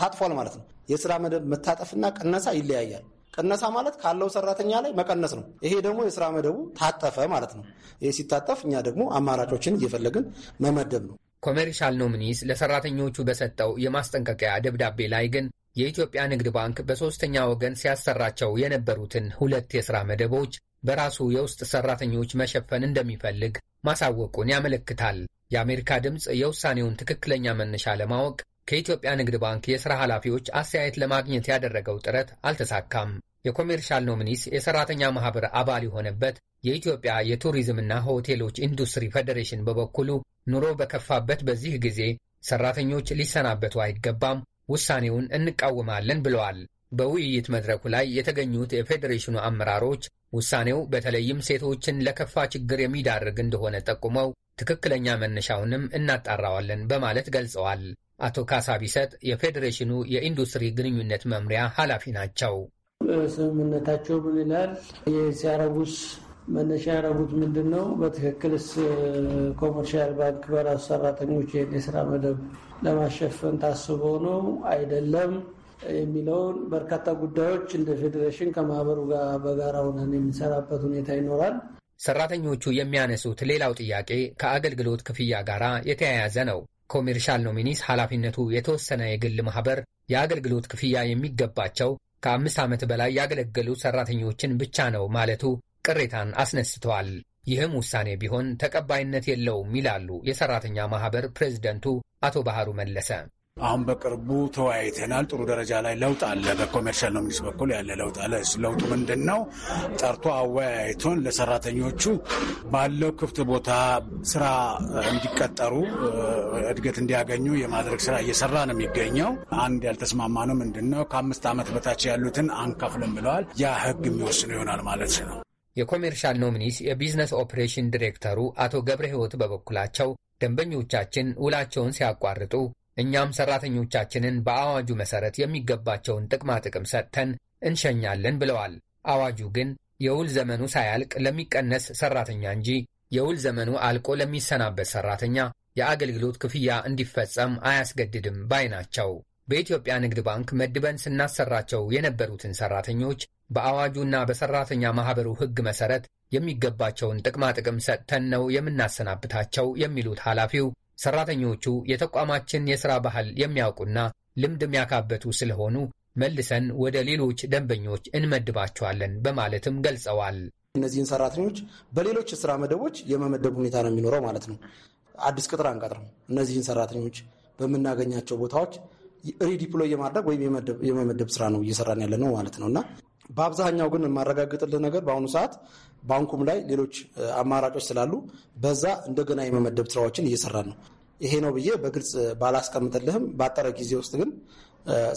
ታጥፏል ማለት ነው። የሥራ መደብ መታጠፍና ቅነሳ ይለያያል። ቅነሳ ማለት ካለው ሰራተኛ ላይ መቀነስ ነው። ይሄ ደግሞ የስራ መደቡ ታጠፈ ማለት ነው። ይህ ሲታጠፍ እኛ ደግሞ አማራጮችን እየፈለግን መመደብ ነው። ኮሜርሻል ኖሚኒስ ለሰራተኞቹ በሰጠው የማስጠንቀቂያ ደብዳቤ ላይ ግን የኢትዮጵያ ንግድ ባንክ በሦስተኛ ወገን ሲያሰራቸው የነበሩትን ሁለት የሥራ መደቦች በራሱ የውስጥ ሠራተኞች መሸፈን እንደሚፈልግ ማሳወቁን ያመለክታል። የአሜሪካ ድምፅ የውሳኔውን ትክክለኛ መነሻ ለማወቅ ከኢትዮጵያ ንግድ ባንክ የሥራ ኃላፊዎች አስተያየት ለማግኘት ያደረገው ጥረት አልተሳካም። የኮሜርሻል ኖሚኒስ የሠራተኛ ማኅበር አባል የሆነበት የኢትዮጵያ የቱሪዝምና ሆቴሎች ኢንዱስትሪ ፌዴሬሽን በበኩሉ ኑሮ በከፋበት በዚህ ጊዜ ሠራተኞች ሊሰናበቱ አይገባም፣ ውሳኔውን እንቃወማለን ብለዋል። በውይይት መድረኩ ላይ የተገኙት የፌዴሬሽኑ አመራሮች ውሳኔው በተለይም ሴቶችን ለከፋ ችግር የሚዳርግ እንደሆነ ጠቁመው ትክክለኛ መነሻውንም እናጣራዋለን በማለት ገልጸዋል። አቶ ካሳ ቢሰጥ የፌዴሬሽኑ የኢንዱስትሪ ግንኙነት መምሪያ ኃላፊ ናቸው። ስምምነታቸው ምን ይላል? ሲያረጉስ መነሻ ያረጉት ምንድን ነው? በትክክልስ ኮመርሻል ባንክ በራሱ ሰራተኞች የስራ መደብ ለማሸፈን ታስቦ ነው አይደለም የሚለውን በርካታ ጉዳዮች እንደ ፌዴሬሽን ከማህበሩ ጋር በጋራ ሆነን የሚሰራበት ሁኔታ ይኖራል። ሰራተኞቹ የሚያነሱት ሌላው ጥያቄ ከአገልግሎት ክፍያ ጋር የተያያዘ ነው። ኮሜርሻል ኖሚኒስ ኃላፊነቱ የተወሰነ የግል ማህበር የአገልግሎት ክፍያ የሚገባቸው ከአምስት ዓመት በላይ ያገለገሉ ሰራተኞችን ብቻ ነው ማለቱ ቅሬታን አስነስተዋል። ይህም ውሳኔ ቢሆን ተቀባይነት የለውም ይላሉ የሰራተኛ ማህበር ፕሬዝደንቱ አቶ ባህሩ መለሰ። አሁን በቅርቡ ተወያይተናል። ጥሩ ደረጃ ላይ ለውጥ አለ። በኮሜርሻል ነው ሚኒስ በኩል ያለ ለውጥ አለ። ለውጡ ምንድን ነው? ጠርቶ አወያይቶን ለሰራተኞቹ ባለው ክፍት ቦታ ስራ እንዲቀጠሩ እድገት እንዲያገኙ የማድረግ ስራ እየሰራ ነው የሚገኘው። አንድ ያልተስማማ ነው ምንድን ነው? ከአምስት ዓመት በታች ያሉትን አንከፍልም ብለዋል። ያ ህግ የሚወስኑ ይሆናል ማለት ነው። የኮሜርሻል ኖሚኒስ የቢዝነስ ኦፕሬሽን ዲሬክተሩ አቶ ገብረ ህይወት በበኩላቸው ደንበኞቻችን ውላቸውን ሲያቋርጡ እኛም ሰራተኞቻችንን በአዋጁ መሰረት የሚገባቸውን ጥቅማ ጥቅም ሰጥተን እንሸኛለን ብለዋል። አዋጁ ግን የውል ዘመኑ ሳያልቅ ለሚቀነስ ሰራተኛ እንጂ የውል ዘመኑ አልቆ ለሚሰናበት ሰራተኛ የአገልግሎት ክፍያ እንዲፈጸም አያስገድድም ባይ ናቸው። በኢትዮጵያ ንግድ ባንክ መድበን ስናሰራቸው የነበሩትን ሰራተኞች በአዋጁና በሰራተኛ ማኅበሩ ሕግ መሰረት የሚገባቸውን ጥቅማ ጥቅም ሰጥተን ነው የምናሰናብታቸው የሚሉት ኃላፊው ሰራተኞቹ የተቋማችን የሥራ ባህል የሚያውቁና ልምድ የሚያካበቱ ስለሆኑ መልሰን ወደ ሌሎች ደንበኞች እንመድባቸዋለን በማለትም ገልጸዋል። እነዚህን ሰራተኞች በሌሎች የሥራ መደቦች የመመደብ ሁኔታ ነው የሚኖረው ማለት ነው። አዲስ ቅጥር አንቀጥርም። እነዚህን ሰራተኞች በምናገኛቸው ቦታዎች ሪዲፕሎይ የማድረግ ወይም የመመደብ ስራ ነው እየሰራን ያለ ነው ማለት ነው እና በአብዛኛው ግን የማረጋግጥልህ ነገር በአሁኑ ሰዓት ባንኩም ላይ ሌሎች አማራጮች ስላሉ በዛ እንደገና የመመደብ ስራዎችን እየሰራን ነው። ይሄ ነው ብዬ በግልጽ ባላስቀምጥልህም በአጠረ ጊዜ ውስጥ ግን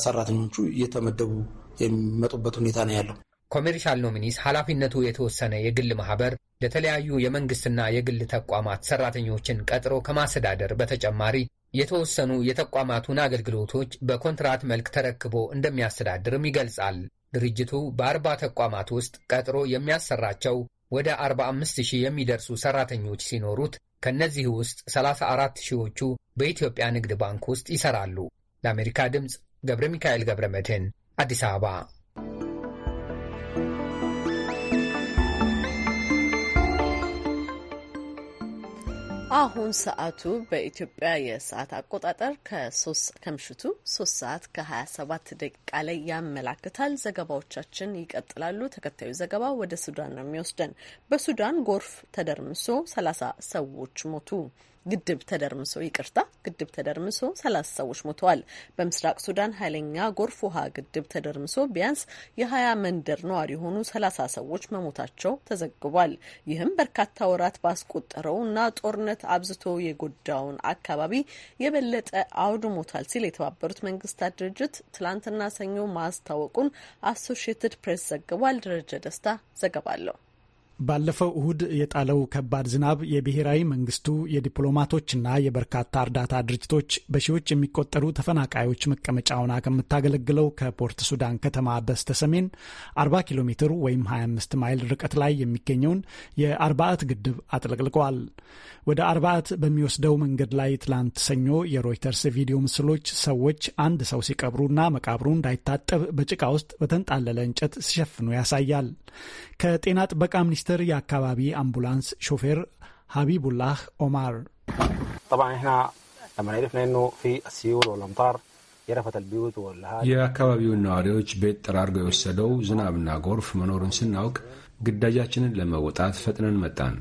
ሰራተኞቹ እየተመደቡ የሚመጡበት ሁኔታ ነው ያለው። ኮሜርሻል ኖሚኒስ ኃላፊነቱ የተወሰነ የግል ማህበር ለተለያዩ የመንግስትና የግል ተቋማት ሰራተኞችን ቀጥሮ ከማስተዳደር በተጨማሪ የተወሰኑ የተቋማቱን አገልግሎቶች በኮንትራት መልክ ተረክቦ እንደሚያስተዳድርም ይገልጻል። ድርጅቱ በአርባ ተቋማት ውስጥ ቀጥሮ የሚያሰራቸው ወደ 45 ሺህ የሚደርሱ ሰራተኞች ሲኖሩት ከእነዚህ ውስጥ 34 ሺዎቹ በኢትዮጵያ ንግድ ባንክ ውስጥ ይሰራሉ። ለአሜሪካ ድምፅ ገብረ ሚካኤል ገብረ መድህን አዲስ አበባ አሁን ሰዓቱ በኢትዮጵያ የሰዓት አቆጣጠር ከምሽቱ ሶስት ሰዓት ከሀያ ሰባት ደቂቃ ላይ ያመላክታል። ዘገባዎቻችን ይቀጥላሉ። ተከታዩ ዘገባ ወደ ሱዳን ነው የሚወስደን። በሱዳን ጎርፍ ተደርምሶ ሰላሳ ሰዎች ሞቱ። ግድብ ተደርምሶ ይቅርታ፣ ግድብ ተደርምሶ ሰላሳ ሰዎች ሞተዋል። በምስራቅ ሱዳን ኃይለኛ ጎርፍ ውሃ ግድብ ተደርምሶ ቢያንስ የሀያ መንደር ነዋሪ የሆኑ ሰላሳ ሰዎች መሞታቸው ተዘግቧል። ይህም በርካታ ወራት ባስቆጠረው እና ጦርነት አብዝቶ የጎዳውን አካባቢ የበለጠ አውድሞታል ሲል የተባበሩት መንግስታት ድርጅት ትላንትና ሰኞ ማስታወቁን አሶሽየትድ ፕሬስ ዘግቧል። ደረጀ ደስታ ዘገባ አለው። ባለፈው እሁድ የጣለው ከባድ ዝናብ የብሔራዊ መንግስቱ የዲፕሎማቶችና የበርካታ እርዳታ ድርጅቶች በሺዎች የሚቆጠሩ ተፈናቃዮች መቀመጫውና ከምታገለግለው ከፖርት ሱዳን ከተማ በስተ ሰሜን 40 ኪሎ ሜትር ወይም 25 ማይል ርቀት ላይ የሚገኘውን የአርባአት ግድብ አጥለቅልቀዋል። ወደ አርባአት በሚወስደው መንገድ ላይ ትላንት ሰኞ የሮይተርስ ቪዲዮ ምስሎች ሰዎች አንድ ሰው ሲቀብሩና መቃብሩ እንዳይታጠብ በጭቃ ውስጥ በተንጣለለ እንጨት ሲሸፍኑ ያሳያል። ከጤና ጥበቃ ሚኒስቴር የአካባቢ አምቡላንስ ሾፌር ሀቢቡላህ ኦማር የአካባቢውን ነዋሪዎች ቤት ጠራርጎ የወሰደው ዝናብና ጎርፍ መኖሩን ስናውቅ ግዳጃችንን ለመወጣት ፈጥነን መጣን።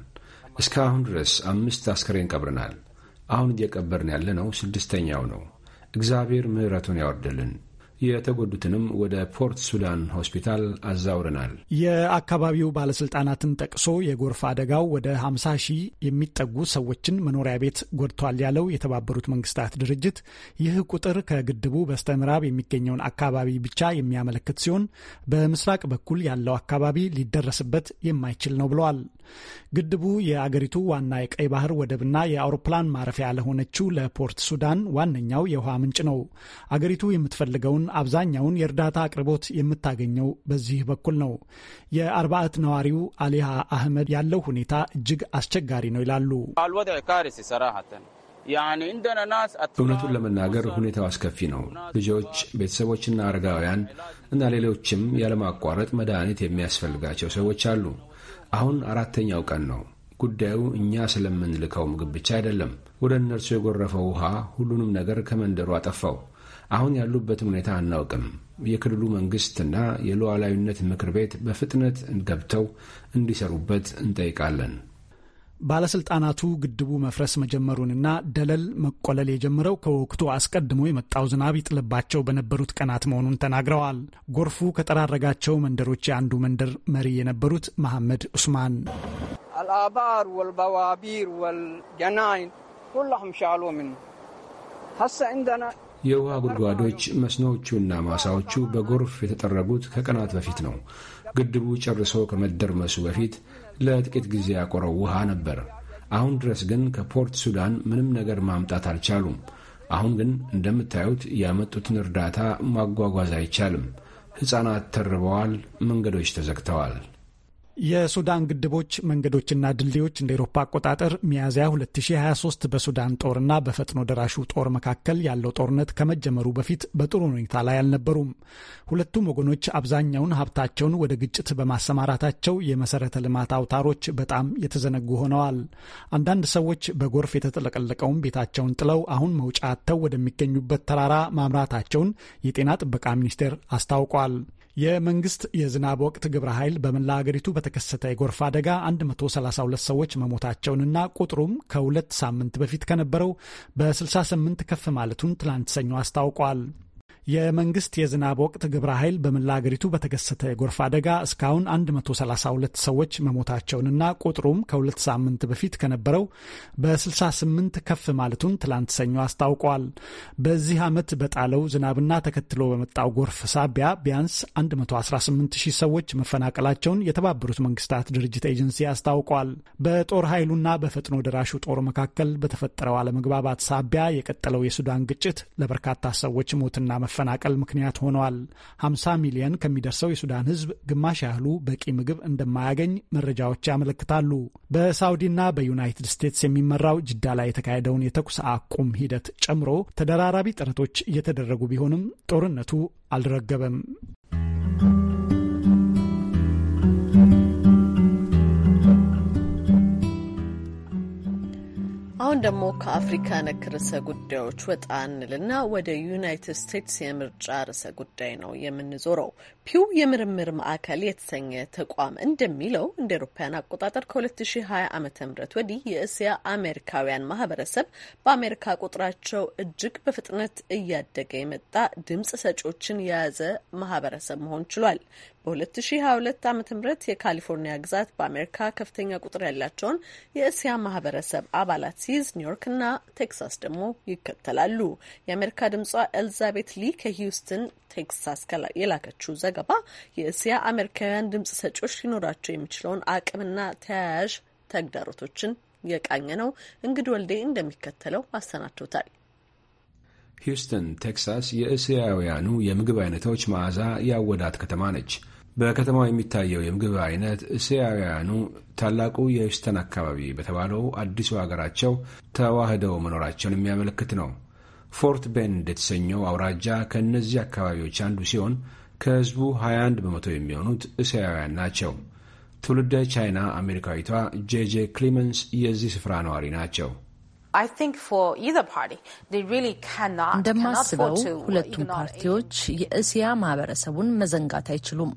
እስካሁን ድረስ አምስት አስከሬን ቀብረናል። አሁን እየቀበርን ያለነው ስድስተኛው ነው። እግዚአብሔር ምሕረቱን ያወርድልን። የተጎዱትንም ወደ ፖርት ሱዳን ሆስፒታል አዛውረናል። የአካባቢው ባለስልጣናትን ጠቅሶ የጎርፍ አደጋው ወደ 50 ሺህ የሚጠጉ ሰዎችን መኖሪያ ቤት ጎድቷል ያለው የተባበሩት መንግስታት ድርጅት ይህ ቁጥር ከግድቡ በስተ ምዕራብ የሚገኘውን አካባቢ ብቻ የሚያመለክት ሲሆን በምስራቅ በኩል ያለው አካባቢ ሊደረስበት የማይችል ነው ብለዋል። ግድቡ የአገሪቱ ዋና የቀይ ባህር ወደብና የአውሮፕላን ማረፊያ ለሆነችው ለፖርት ሱዳን ዋነኛው የውሃ ምንጭ ነው። አገሪቱ የምትፈልገውን አብዛኛውን የእርዳታ አቅርቦት የምታገኘው በዚህ በኩል ነው። የአርባዕት ነዋሪው አሊሃ አህመድ ያለው ሁኔታ እጅግ አስቸጋሪ ነው ይላሉ። እውነቱን ለመናገር ሁኔታው አስከፊ ነው። ልጆች፣ ቤተሰቦችና አረጋውያን እና ሌሎችም ያለማቋረጥ መድኃኒት የሚያስፈልጋቸው ሰዎች አሉ። አሁን አራተኛው ቀን ነው። ጉዳዩ እኛ ስለምንልከው ምግብ ብቻ አይደለም። ወደ እነርሱ የጎረፈው ውሃ ሁሉንም ነገር ከመንደሩ አጠፋው። አሁን ያሉበትን ሁኔታ አናውቅም። የክልሉ መንግሥትና የሉዓላዊነት ምክር ቤት በፍጥነት ገብተው እንዲሰሩበት እንጠይቃለን። ባለስልጣናቱ ግድቡ መፍረስ መጀመሩንና ደለል መቆለል የጀመረው ከወቅቱ አስቀድሞ የመጣው ዝናብ ይጥልባቸው በነበሩት ቀናት መሆኑን ተናግረዋል። ጎርፉ ከጠራረጋቸው መንደሮች የአንዱ መንደር መሪ የነበሩት መሐመድ ዑስማን አልአባር ወልበዋቢር ወልጀናይን ሁላሁም ምን ሀሳ እንደና የውሃ ጉድጓዶች መስኖዎቹና ማሳዎቹ በጎርፍ የተጠረጉት ከቀናት በፊት ነው። ግድቡ ጨርሶ ከመደርመሱ በፊት ለጥቂት ጊዜ ያቆረው ውሃ ነበር። አሁን ድረስ ግን ከፖርት ሱዳን ምንም ነገር ማምጣት አልቻሉም። አሁን ግን እንደምታዩት ያመጡትን እርዳታ ማጓጓዝ አይቻልም። ሕፃናት ተርበዋል። መንገዶች ተዘግተዋል። የሱዳን ግድቦች፣ መንገዶችና ድልድዮች እንደ ኤሮፓ አቆጣጠር ሚያዝያ 2023 በሱዳን ጦርና በፈጥኖ ደራሹ ጦር መካከል ያለው ጦርነት ከመጀመሩ በፊት በጥሩ ሁኔታ ላይ አልነበሩም። ሁለቱም ወገኖች አብዛኛውን ሀብታቸውን ወደ ግጭት በማሰማራታቸው የመሰረተ ልማት አውታሮች በጣም የተዘነጉ ሆነዋል። አንዳንድ ሰዎች በጎርፍ የተጥለቀለቀውን ቤታቸውን ጥለው አሁን መውጫ አጥተው ወደሚገኙበት ተራራ ማምራታቸውን የጤና ጥበቃ ሚኒስቴር አስታውቋል። የመንግስት የዝናብ ወቅት ግብረ ኃይል በመላ አገሪቱ በተከሰተ የጎርፍ አደጋ 132 ሰዎች መሞታቸውንና ቁጥሩም ከሁለት ሳምንት በፊት ከነበረው በ68 ከፍ ማለቱን ትላንት ሰኞ አስታውቋል። የመንግስት የዝናብ ወቅት ግብረ ኃይል በመላ አገሪቱ በተከሰተ የጎርፍ አደጋ እስካሁን 132 ሰዎች መሞታቸውንና ቁጥሩም ከሁለት ሳምንት በፊት ከነበረው በ68 ከፍ ማለቱን ትላንት ሰኞ አስታውቋል። በዚህ ዓመት በጣለው ዝናብና ተከትሎ በመጣው ጎርፍ ሳቢያ ቢያንስ 118000 ሰዎች መፈናቀላቸውን የተባበሩት መንግስታት ድርጅት ኤጀንሲ አስታውቋል። በጦር ኃይሉና በፈጥኖ ደራሹ ጦር መካከል በተፈጠረው አለመግባባት ሳቢያ የቀጠለው የሱዳን ግጭት ለበርካታ ሰዎች ሞትና መፈናቀል ምክንያት ሆነዋል። 50 ሚሊየን ከሚደርሰው የሱዳን ህዝብ ግማሽ ያህሉ በቂ ምግብ እንደማያገኝ መረጃዎች ያመለክታሉ። በሳውዲና በዩናይትድ ስቴትስ የሚመራው ጅዳ ላይ የተካሄደውን የተኩስ አቁም ሂደት ጨምሮ ተደራራቢ ጥረቶች እየተደረጉ ቢሆንም ጦርነቱ አልረገበም። አሁን ደግሞ ከአፍሪካ ነክ ርዕሰ ጉዳዮች ወጣ እንልና ወደ ዩናይትድ ስቴትስ የምርጫ ርዕሰ ጉዳይ ነው የምንዞረው። ፒው የምርምር ማዕከል የተሰኘ ተቋም እንደሚለው እንደ ኤሮፓያን አቆጣጠር ከ2020 ዓ ም ወዲህ የእስያ አሜሪካውያን ማህበረሰብ በአሜሪካ ቁጥራቸው እጅግ በፍጥነት እያደገ የመጣ ድምጽ ሰጪዎችን የያዘ ማህበረሰብ መሆን ችሏል። በ2022 ዓ ም የካሊፎርኒያ ግዛት በአሜሪካ ከፍተኛ ቁጥር ያላቸውን የእስያ ማህበረሰብ አባላት ሲይዝ ኒውዮርክ እና ቴክሳስ ደግሞ ይከተላሉ። የአሜሪካ ድምጿ ኤልዛቤት ሊ ከሂውስትን ቴክሳስ የላከችው ዘገባ የእስያ አሜሪካውያን ድምጽ ሰጪዎች ሊኖራቸው የሚችለውን አቅምና ተያያዥ ተግዳሮቶችን የቃኘ ነው። እንግድ ወልዴ እንደሚከተለው አሰናድቶታል። ሂውስተን ቴክሳስ የእስያውያኑ የምግብ አይነቶች መዓዛ ያወዳት ከተማ ነች። በከተማው የሚታየው የምግብ አይነት እስያውያኑ ታላቁ የሂውስተን አካባቢ በተባለው አዲሱ ሀገራቸው ተዋህደው መኖራቸውን የሚያመለክት ነው። ፎርት ቤንድ የተሰኘው አውራጃ ከእነዚህ አካባቢዎች አንዱ ሲሆን ከህዝቡ 21 በመቶ የሚሆኑት እስያውያን ናቸው። ትውልደ ቻይና አሜሪካዊቷ ጄጄ ክሊመንስ የዚህ ስፍራ ነዋሪ ናቸው። እንደማስበው uh, ሁለቱም ፓርቲዎች የእስያ ማህበረሰቡን መዘንጋት አይችሉም።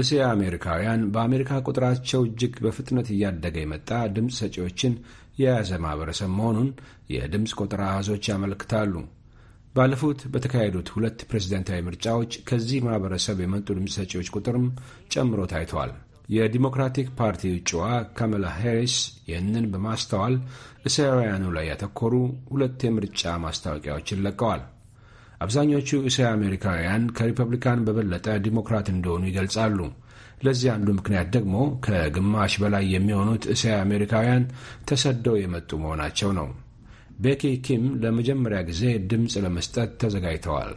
እስያ አሜሪካውያን በአሜሪካ ቁጥራቸው እጅግ በፍጥነት እያደገ የመጣ ድምፅ ሰጪዎችን የያዘ ማህበረሰብ መሆኑን የድምፅ ቆጠራ አሃዞች ያመለክታሉ። ባለፉት በተካሄዱት ሁለት ፕሬዝደንታዊ ምርጫዎች ከዚህ ማህበረሰብ የመጡ ድምፅ ሰጪዎች ቁጥርም ጨምሮ ታይተዋል። የዲሞክራቲክ ፓርቲ እጩዋ ካሜላ ሄሪስ ይህንን በማስተዋል እስያውያኑ ላይ ያተኮሩ ሁለት የምርጫ ማስታወቂያዎችን ለቀዋል። አብዛኞቹ እስያ አሜሪካውያን ከሪፐብሊካን በበለጠ ዲሞክራት እንደሆኑ ይገልጻሉ። ለዚህ አንዱ ምክንያት ደግሞ ከግማሽ በላይ የሚሆኑት እስያ አሜሪካውያን ተሰደው የመጡ መሆናቸው ነው። ቤኪ ኪም ለመጀመሪያ ጊዜ ድምፅ ለመስጠት ተዘጋጅተዋል።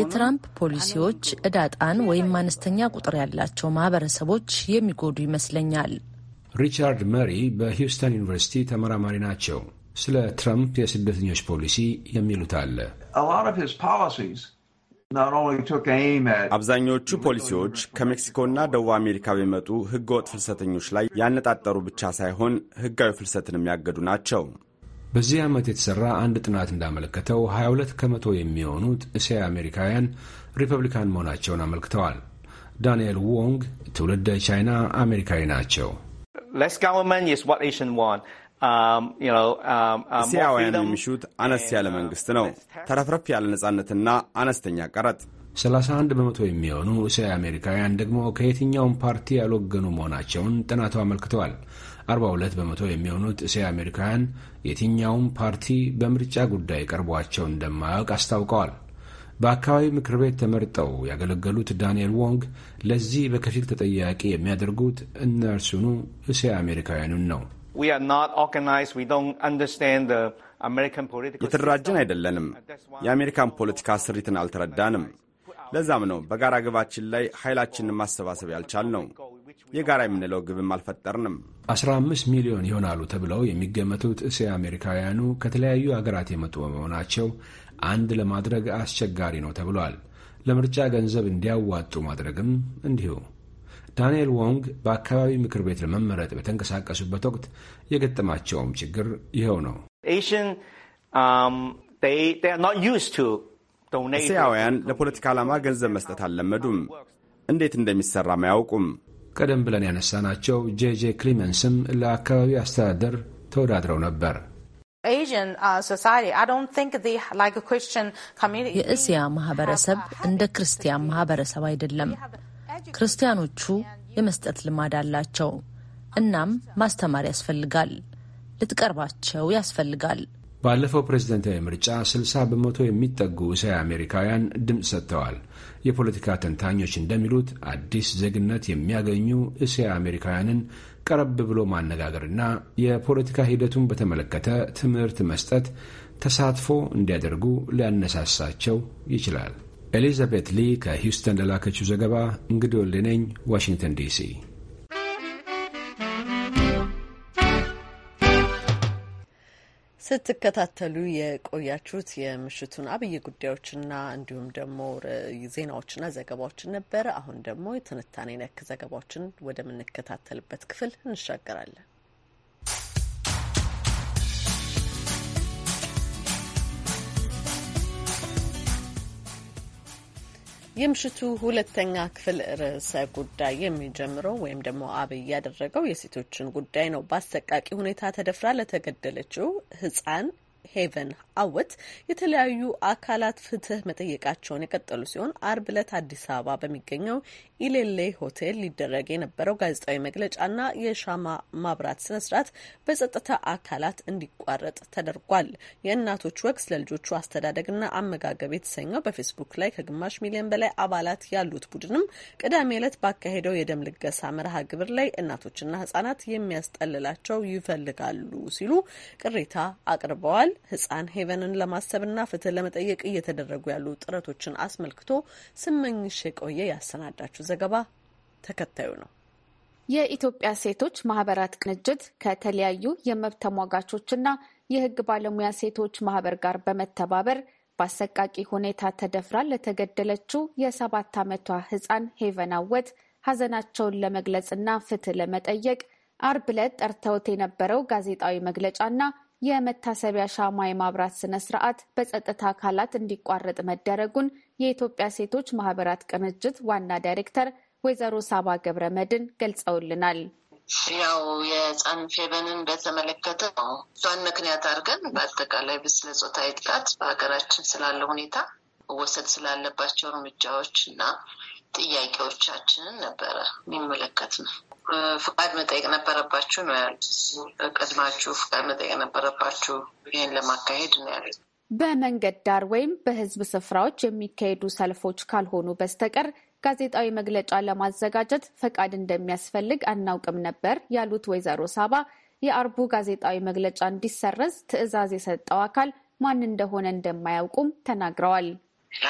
የትራምፕ ፖሊሲዎች እዳጣን ወይም አነስተኛ ቁጥር ያላቸው ማህበረሰቦች የሚጎዱ ይመስለኛል። ሪቻርድ መሪ በሂውስተን ዩኒቨርሲቲ ተመራማሪ ናቸው። ስለ ትራምፕ የስደተኞች ፖሊሲ የሚሉት አለ አብዛኞቹ ፖሊሲዎች ከሜክሲኮና ደቡብ አሜሪካ በሚመጡ ህገወጥ ፍልሰተኞች ላይ ያነጣጠሩ ብቻ ሳይሆን ህጋዊ ፍልሰትን የሚያገዱ ናቸው። በዚህ ዓመት የተሠራ አንድ ጥናት እንዳመለከተው 22 ከመቶ የሚሆኑት እስያ አሜሪካውያን ሪፐብሊካን መሆናቸውን አመልክተዋል። ዳንኤል ዎንግ ትውልደ ቻይና አሜሪካዊ ናቸው። ሲያውያን um, um, uh, የሚሹት አነስ ያለ uh, መንግስት ነው። ተረፍረፍ ያለ ነጻነትና አነስተኛ ቀረጥ 31 በመቶ የሚሆኑ እስያ አሜሪካውያን ደግሞ ከየትኛውም ፓርቲ ያልወገኑ መሆናቸውን ጥናቱ አመልክተዋል። 42 በመቶ የሚሆኑት እስያ አሜሪካውያን የትኛውም ፓርቲ በምርጫ ጉዳይ ቀርቧቸው እንደማያውቅ አስታውቀዋል። በአካባቢ ምክር ቤት ተመርጠው ያገለገሉት ዳንኤል ዎንግ ለዚህ በከፊል ተጠያቂ የሚያደርጉት እነርሱኑ እስያ አሜሪካውያኑን ነው። የተደራጀን አይደለንም። የአሜሪካን ፖለቲካ ስሪትን አልተረዳንም። ለዛም ነው በጋራ ግባችን ላይ ኃይላችንን ማሰባሰብ ያልቻል ነው። የጋራ የምንለው ግብም አልፈጠርንም። 15 ሚሊዮን ይሆናሉ ተብለው የሚገመቱት እስያ አሜሪካውያኑ ከተለያዩ አገራት የመጡ በመሆናቸው አንድ ለማድረግ አስቸጋሪ ነው ተብሏል። ለምርጫ ገንዘብ እንዲያዋጡ ማድረግም እንዲሁ ዳንኤል ዎንግ በአካባቢ ምክር ቤት ለመመረጥ በተንቀሳቀሱበት ወቅት የገጠማቸውም ችግር ይኸው ነው። um, እስያውያን ለፖለቲካ ዓላማ ገንዘብ መስጠት አልለመዱም። እንዴት እንደሚሰራም አያውቁም። ቀደም ብለን ያነሳናቸው ጄጄ ክሊመንስም ለአካባቢ አስተዳደር ተወዳድረው ነበር። uh, የእስያ ማህበረሰብ እንደ ክርስቲያን ማህበረሰብ አይደለም። ክርስቲያኖቹ የመስጠት ልማድ አላቸው። እናም ማስተማር ያስፈልጋል፣ ልትቀርባቸው ያስፈልጋል። ባለፈው ፕሬዝደንታዊ ምርጫ 60 በመቶ የሚጠጉ እስያ አሜሪካውያን ድምፅ ሰጥተዋል። የፖለቲካ ተንታኞች እንደሚሉት አዲስ ዜግነት የሚያገኙ እስያ አሜሪካውያንን ቀረብ ብሎ ማነጋገርና የፖለቲካ ሂደቱን በተመለከተ ትምህርት መስጠት ተሳትፎ እንዲያደርጉ ሊያነሳሳቸው ይችላል። ኤሊዛቤት ሊ ከሂውስተን ለላከችው ዘገባ እንግዲህ ወልነኝ ዋሽንግተን ዲሲ። ስትከታተሉ የቆያችሁት የምሽቱን አብይ ጉዳዮችና እንዲሁም ደግሞ ዜናዎችና ዘገባዎችን ነበረ። አሁን ደግሞ የትንታኔ ነክ ዘገባዎችን ወደምንከታተልበት ክፍል እንሻገራለን። የምሽቱ ሁለተኛ ክፍል ርዕሰ ጉዳይ የሚጀምረው ወይም ደግሞ አብይ ያደረገው የሴቶችን ጉዳይ ነው። በአሰቃቂ ሁኔታ ተደፍራ ለተገደለችው ህጻን ሄቨን አወት የተለያዩ አካላት ፍትህ መጠየቃቸውን የቀጠሉ ሲሆን አርብ ዕለት አዲስ አበባ በሚገኘው ኢሌሌ ሆቴል ሊደረግ የነበረው ጋዜጣዊ መግለጫና የሻማ ማብራት ስነስርዓት በጸጥታ አካላት እንዲቋረጥ ተደርጓል። የእናቶች ወግ ስለ ልጆቹ አስተዳደግና አመጋገብ የተሰኘው በፌስቡክ ላይ ከግማሽ ሚሊዮን በላይ አባላት ያሉት ቡድንም ቅዳሜ ዕለት ባካሄደው የደም ልገሳ መርሃ ግብር ላይ እናቶችና ህጻናት የሚያስጠልላቸው ይፈልጋሉ ሲሉ ቅሬታ አቅርበዋል። ክልል ህጻን ሄቨንን ለማሰብና ፍትህ ለመጠየቅ እየተደረጉ ያሉ ጥረቶችን አስመልክቶ ስመኝሽ የቆየ ያሰናዳችው ዘገባ ተከታዩ ነው። የኢትዮጵያ ሴቶች ማህበራት ቅንጅት ከተለያዩ የመብት ተሟጋቾችና የህግ ባለሙያ ሴቶች ማህበር ጋር በመተባበር በአሰቃቂ ሁኔታ ተደፍራ ለተገደለችው የሰባት ዓመቷ ህፃን ሄቨን አወት ሀዘናቸውን ለመግለጽና ፍትህ ለመጠየቅ አርብ ዕለት ጠርተውት የነበረው ጋዜጣዊ መግለጫና የመታሰቢያ ሻማ የማብራት ስነ ስርዓት በጸጥታ አካላት እንዲቋረጥ መደረጉን የኢትዮጵያ ሴቶች ማህበራት ቅንጅት ዋና ዳይሬክተር ወይዘሮ ሳባ ገብረ መድን ገልጸውልናል። ያው የህፃን ፌቨንን በተመለከተ ነው እሷን ምክንያት አድርገን በአጠቃላይ ስለ ጾታዊ ጥቃት በሀገራችን ስላለ ሁኔታ መወሰድ ስላለባቸው እርምጃዎች እና ጥያቄዎቻችንን ነበረ የሚመለከት ነው። ፍቃድ መጠየቅ ነበረባችሁ ነው ያሉት። ቀድማችሁ ፍቃድ መጠየቅ ነበረባችሁ ይህን ለማካሄድ ነው ያሉት። በመንገድ ዳር ወይም በህዝብ ስፍራዎች የሚካሄዱ ሰልፎች ካልሆኑ በስተቀር ጋዜጣዊ መግለጫ ለማዘጋጀት ፈቃድ እንደሚያስፈልግ አናውቅም ነበር ያሉት ወይዘሮ ሳባ የአርቡ ጋዜጣዊ መግለጫ እንዲሰረዝ ትዕዛዝ የሰጠው አካል ማን እንደሆነ እንደማያውቁም ተናግረዋል።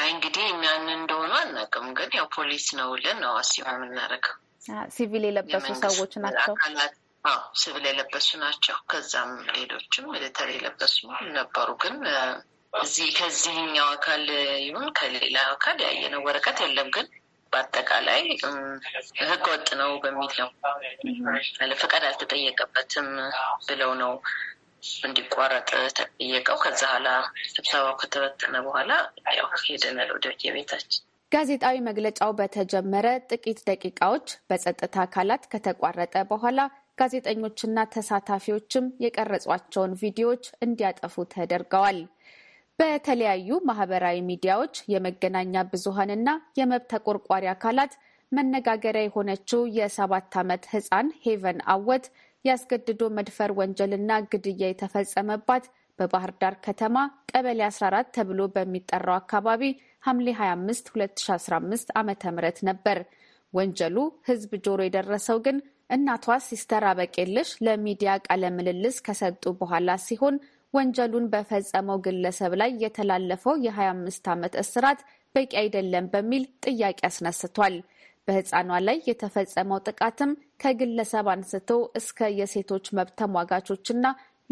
አይ እንግዲህ ማን እንደሆኑ አናውቅም፣ ግን ያው ፖሊስ ነው ብለን ነው አስ የምናደርገው ሲቪል የለበሱ ሰዎች ናቸው። ሲቪል የለበሱ ናቸው። ከዛም ሌሎችም ሚሊተሪ የለበሱ ነበሩ። ግን እዚህ ከዚህኛው አካል ይሁን ከሌላ አካል ያየነው ወረቀት የለም። ግን በአጠቃላይ ሕገ ወጥ ነው በሚል ነው ፍቃድ አልተጠየቀበትም ብለው ነው እንዲቋረጥ ተጠየቀው። ከዛ ኋላ ስብሰባው ከተበተነ በኋላ ያው ሄደናል ወደ የቤታችን ጋዜጣዊ መግለጫው በተጀመረ ጥቂት ደቂቃዎች በጸጥታ አካላት ከተቋረጠ በኋላ ጋዜጠኞችና ተሳታፊዎችም የቀረጿቸውን ቪዲዮዎች እንዲያጠፉ ተደርገዋል። በተለያዩ ማህበራዊ ሚዲያዎች የመገናኛ ብዙሃንና የመብት ተቆርቋሪ አካላት መነጋገሪያ የሆነችው የሰባት ዓመት ህፃን ሄቨን አወት ያስገድዶ መድፈር ወንጀልና ግድያ የተፈጸመባት በባህር ዳር ከተማ ቀበሌ 14 ተብሎ በሚጠራው አካባቢ ሐምሌ 25 2015 ዓ ም ነበር። ወንጀሉ ህዝብ ጆሮ የደረሰው ግን እናቷ ሲስተር አበቄልሽ ለሚዲያ ቃለ ምልልስ ከሰጡ በኋላ ሲሆን ወንጀሉን በፈጸመው ግለሰብ ላይ የተላለፈው የ25 ዓመት እስራት በቂ አይደለም በሚል ጥያቄ አስነስቷል። በህፃኗ ላይ የተፈጸመው ጥቃትም ከግለሰብ አንስቶ እስከ የሴቶች መብት ተሟጋቾችና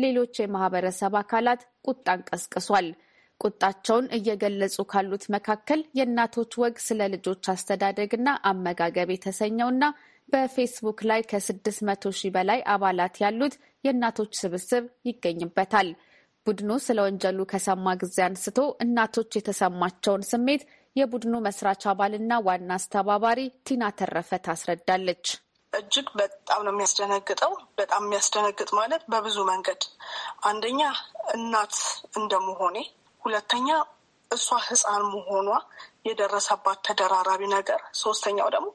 ሌሎች የማህበረሰብ አካላት ቁጣን ቀስቅሷል። ቁጣቸውን እየገለጹ ካሉት መካከል የእናቶች ወግ ስለ ልጆች አስተዳደግና አመጋገብ የተሰኘውና በፌስቡክ ላይ ከ መቶ ሺህ በላይ አባላት ያሉት የእናቶች ስብስብ ይገኝበታል። ቡድኑ ስለ ወንጀሉ ከሰማ ጊዜ አንስቶ እናቶች የተሰማቸውን ስሜት የቡድኑ መስራች አባልና ዋና አስተባባሪ ቲና ተረፈ ታስረዳለች። እጅግ በጣም ነው የሚያስደነግጠው። በጣም የሚያስደነግጥ ማለት በብዙ መንገድ አንደኛ እናት እንደመሆኔ ሁለተኛ እሷ ህፃን መሆኗ የደረሰባት ተደራራቢ ነገር፣ ሶስተኛው ደግሞ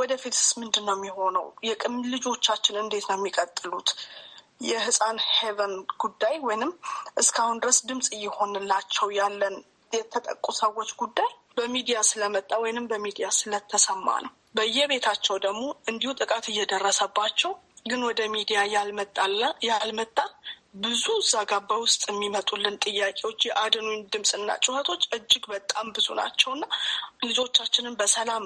ወደፊትስ ምንድን ነው የሚሆነው? የቅም ልጆቻችን እንዴት ነው የሚቀጥሉት? የህፃን ሄቨን ጉዳይ ወይንም እስካሁን ድረስ ድምፅ እየሆንላቸው ያለን የተጠቁ ሰዎች ጉዳይ በሚዲያ ስለመጣ ወይንም በሚዲያ ስለተሰማ ነው። በየቤታቸው ደግሞ እንዲሁ ጥቃት እየደረሰባቸው ግን ወደ ሚዲያ ያልመጣ ብዙ እዛ ጋር በውስጥ የሚመጡልን ጥያቄዎች የአድኑኝ ድምፅና ጩኸቶች እጅግ በጣም ብዙ ናቸውና ልጆቻችንን በሰላም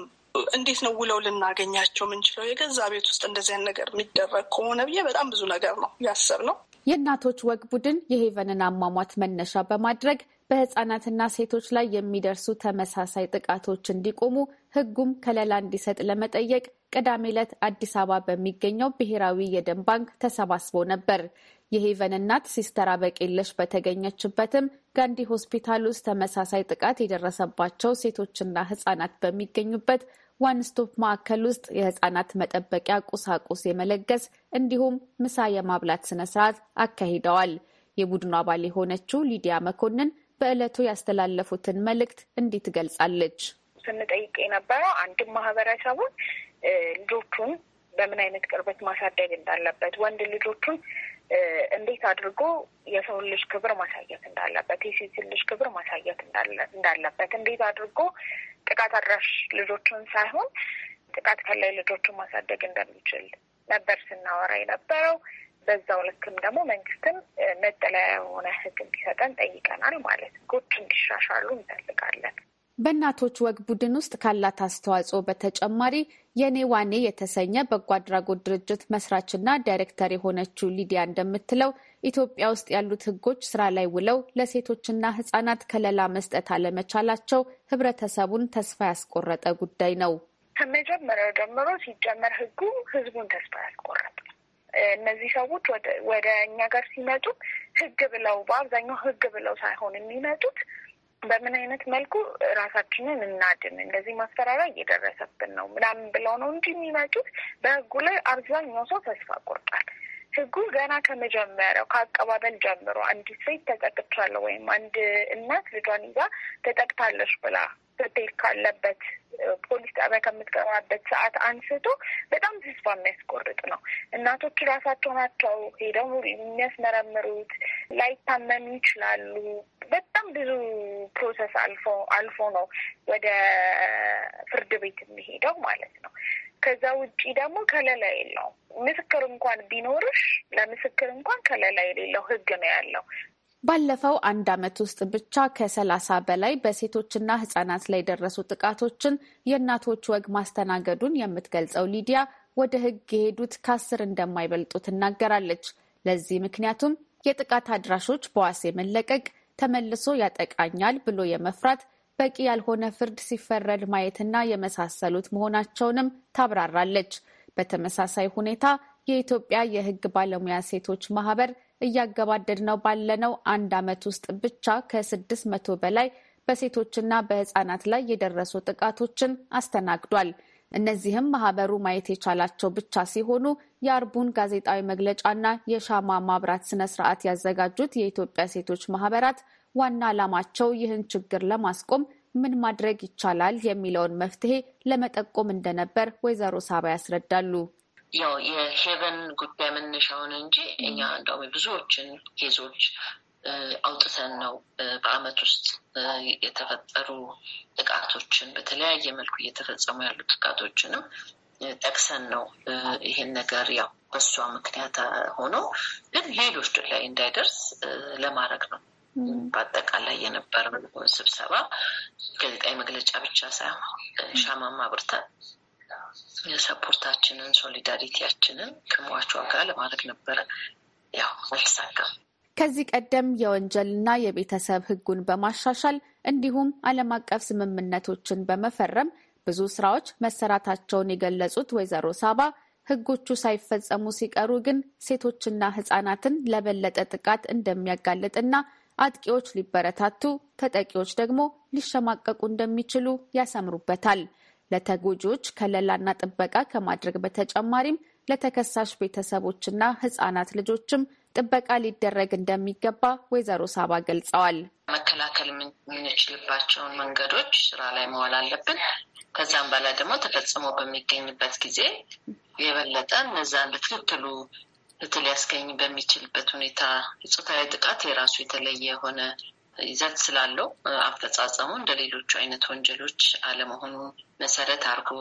እንዴት ነው ውለው ልናገኛቸው ምንችለው? የገዛ ቤት ውስጥ እንደዚህ ነገር የሚደረግ ከሆነ ብዬ በጣም ብዙ ነገር ነው ያሰብ ነው። የእናቶች ወግ ቡድን የሄቨንን አሟሟት መነሻ በማድረግ በህጻናትና ሴቶች ላይ የሚደርሱ ተመሳሳይ ጥቃቶች እንዲቆሙ ህጉም ከለላ እንዲሰጥ ለመጠየቅ ቅዳሜ ዕለት አዲስ አበባ በሚገኘው ብሔራዊ የደም ባንክ ተሰባስቦ ነበር። የሄቨን እናት ሲስተር አበቄለሽ በተገኘችበትም ጋንዲ ሆስፒታል ውስጥ ተመሳሳይ ጥቃት የደረሰባቸው ሴቶችና ህጻናት በሚገኙበት ዋንስቶፕ ማዕከል ውስጥ የህጻናት መጠበቂያ ቁሳቁስ የመለገስ እንዲሁም ምሳ የማብላት ስነስርዓት አካሂደዋል። የቡድኑ አባል የሆነችው ሊዲያ መኮንን በዕለቱ ያስተላለፉትን መልእክት እንዲህ ትገልጻለች። ስንጠይቅ የነበረው አንድም ማህበረሰቡን ልጆቹን በምን አይነት ቅርበት ማሳደግ እንዳለበት፣ ወንድ ልጆቹን እንዴት አድርጎ የሰውን ልጅ ክብር ማሳየት እንዳለበት፣ የሴትን ልጅ ክብር ማሳየት እንዳለበት፣ እንዴት አድርጎ ጥቃት አድራሽ ልጆችን ሳይሆን ጥቃት ከላይ ልጆቹን ማሳደግ እንደሚችል ነበር ስናወራ የነበረው። በዛው ልክም ደግሞ መንግስትም መጠለያ የሆነ ህግ እንዲሰጠን ጠይቀናል ማለት ጎች እንዲሻሻሉ እንፈልጋለን። በእናቶች ወግ ቡድን ውስጥ ካላት አስተዋጽኦ በተጨማሪ የኔ ዋኔ የተሰኘ በጎ አድራጎት ድርጅት መስራችና ዳይሬክተር የሆነችው ሊዲያ እንደምትለው ኢትዮጵያ ውስጥ ያሉት ሕጎች ስራ ላይ ውለው ለሴቶችና ሕጻናት ከለላ መስጠት አለመቻላቸው ህብረተሰቡን ተስፋ ያስቆረጠ ጉዳይ ነው። ከመጀመሪያው ጀምሮ ሲጀመር ሕጉ ሕዝቡን ተስፋ ያስቆረጠ እነዚህ ሰዎች ወደ እኛ ጋር ሲመጡ ሕግ ብለው በአብዛኛው ሕግ ብለው ሳይሆን የሚመጡት በምን አይነት መልኩ ራሳችንን እናድን፣ እንደዚህ ማስፈራሪያ እየደረሰብን ነው ምናምን ብለው ነው እንጂ የሚመጡት። በህጉ ላይ አብዛኛው ሰው ተስፋ ቆርጣል። ህጉ ገና ከመጀመሪያው ከአቀባበል ጀምሮ አንዲት ሴት ተጠቅቻለሁ ወይም አንድ እናት ልጇን ይዛ ተጠቅታለች ብላ ስትሄድ ካለበት ፖሊስ ጣቢያ ከምትገባበት ሰዓት አንስቶ በጣም ተስፋ የሚያስቆርጥ ነው። እናቶች ራሳቸው ናቸው ሄደው የሚያስመረምሩት። ላይታመኑ ይችላሉ። በጣም ብዙ ፕሮሰስ አልፎ አልፎ ነው ወደ ፍርድ ቤት የሚሄደው ማለት ነው። ከዛ ውጪ ደግሞ ከለላ የለው። ምስክር እንኳን ቢኖርሽ ለምስክር እንኳን ከለላ የሌለው ህግ ነው ያለው። ባለፈው አንድ ዓመት ውስጥ ብቻ ከሰላሳ በላይ በሴቶችና ህጻናት ላይ የደረሱ ጥቃቶችን የእናቶች ወግ ማስተናገዱን የምትገልጸው ሊዲያ ወደ ህግ የሄዱት ከአስር እንደማይበልጡ ትናገራለች። ለዚህ ምክንያቱም የጥቃት አድራሾች በዋሴ መለቀቅ ተመልሶ ያጠቃኛል ብሎ የመፍራት በቂ ያልሆነ ፍርድ ሲፈረድ ማየትና የመሳሰሉት መሆናቸውንም ታብራራለች። በተመሳሳይ ሁኔታ የኢትዮጵያ የሕግ ባለሙያ ሴቶች ማህበር እያገባደድ ነው ባለነው አንድ ዓመት ውስጥ ብቻ ከስድስት መቶ በላይ በሴቶችና በህፃናት ላይ የደረሱ ጥቃቶችን አስተናግዷል። እነዚህም ማህበሩ ማየት የቻላቸው ብቻ ሲሆኑ የአርቡን ጋዜጣዊ መግለጫና የሻማ ማብራት ስነ ስርዓት ያዘጋጁት የኢትዮጵያ ሴቶች ማህበራት ዋና ዓላማቸው ይህን ችግር ለማስቆም ምን ማድረግ ይቻላል የሚለውን መፍትሄ ለመጠቆም እንደነበር ወይዘሮ ሳባ ያስረዳሉ። ያው የሄቨን ጉዳይ መነሻውን እንጂ እኛ እንደውም ብዙዎችን ኬዞች አውጥተን ነው በአመት ውስጥ የተፈጠሩ ጥቃቶችን በተለያየ መልኩ እየተፈጸሙ ያሉ ጥቃቶችንም ጠቅሰን ነው ይሄን ነገር ያው በሷ ምክንያት ሆኖ ግን ሌሎች ላይ እንዳይደርስ ለማድረግ ነው። በአጠቃላይ የነበረው ስብሰባ ጋዜጣዊ መግለጫ ብቻ ሳይሆን ሻማማ ብርታ የሰፖርታችንን ሶሊዳሪቲያችንን ከሟቿ ጋር ለማድረግ ነበረ። ያው አልተሳካም። ከዚህ ቀደም የወንጀልና የቤተሰብ ህጉን በማሻሻል እንዲሁም ዓለም አቀፍ ስምምነቶችን በመፈረም ብዙ ስራዎች መሰራታቸውን የገለጹት ወይዘሮ ሳባ ህጎቹ ሳይፈጸሙ ሲቀሩ ግን ሴቶችና ህጻናትን ለበለጠ ጥቃት እንደሚያጋልጥና አጥቂዎች ሊበረታቱ፣ ተጠቂዎች ደግሞ ሊሸማቀቁ እንደሚችሉ ያሰምሩበታል። ለተጎጂዎች ከለላና ጥበቃ ከማድረግ በተጨማሪም ለተከሳሽ ቤተሰቦችና ህጻናት ልጆችም ጥበቃ ሊደረግ እንደሚገባ ወይዘሮ ሳባ ገልጸዋል። መከላከል የምንችልባቸውን መንገዶች ስራ ላይ መዋል አለብን። ከዛም በኋላ ደግሞ ተፈጽሞ በሚገኝበት ጊዜ የበለጠ እነዛን ልትክክሉ ልትል ያስገኝ በሚችልበት ሁኔታ የፆታዊ ጥቃት የራሱ የተለየ የሆነ ይዘት ስላለው አፈጻጸሙ እንደ ሌሎቹ አይነት ወንጀሎች አለመሆኑ መሰረት አድርጎ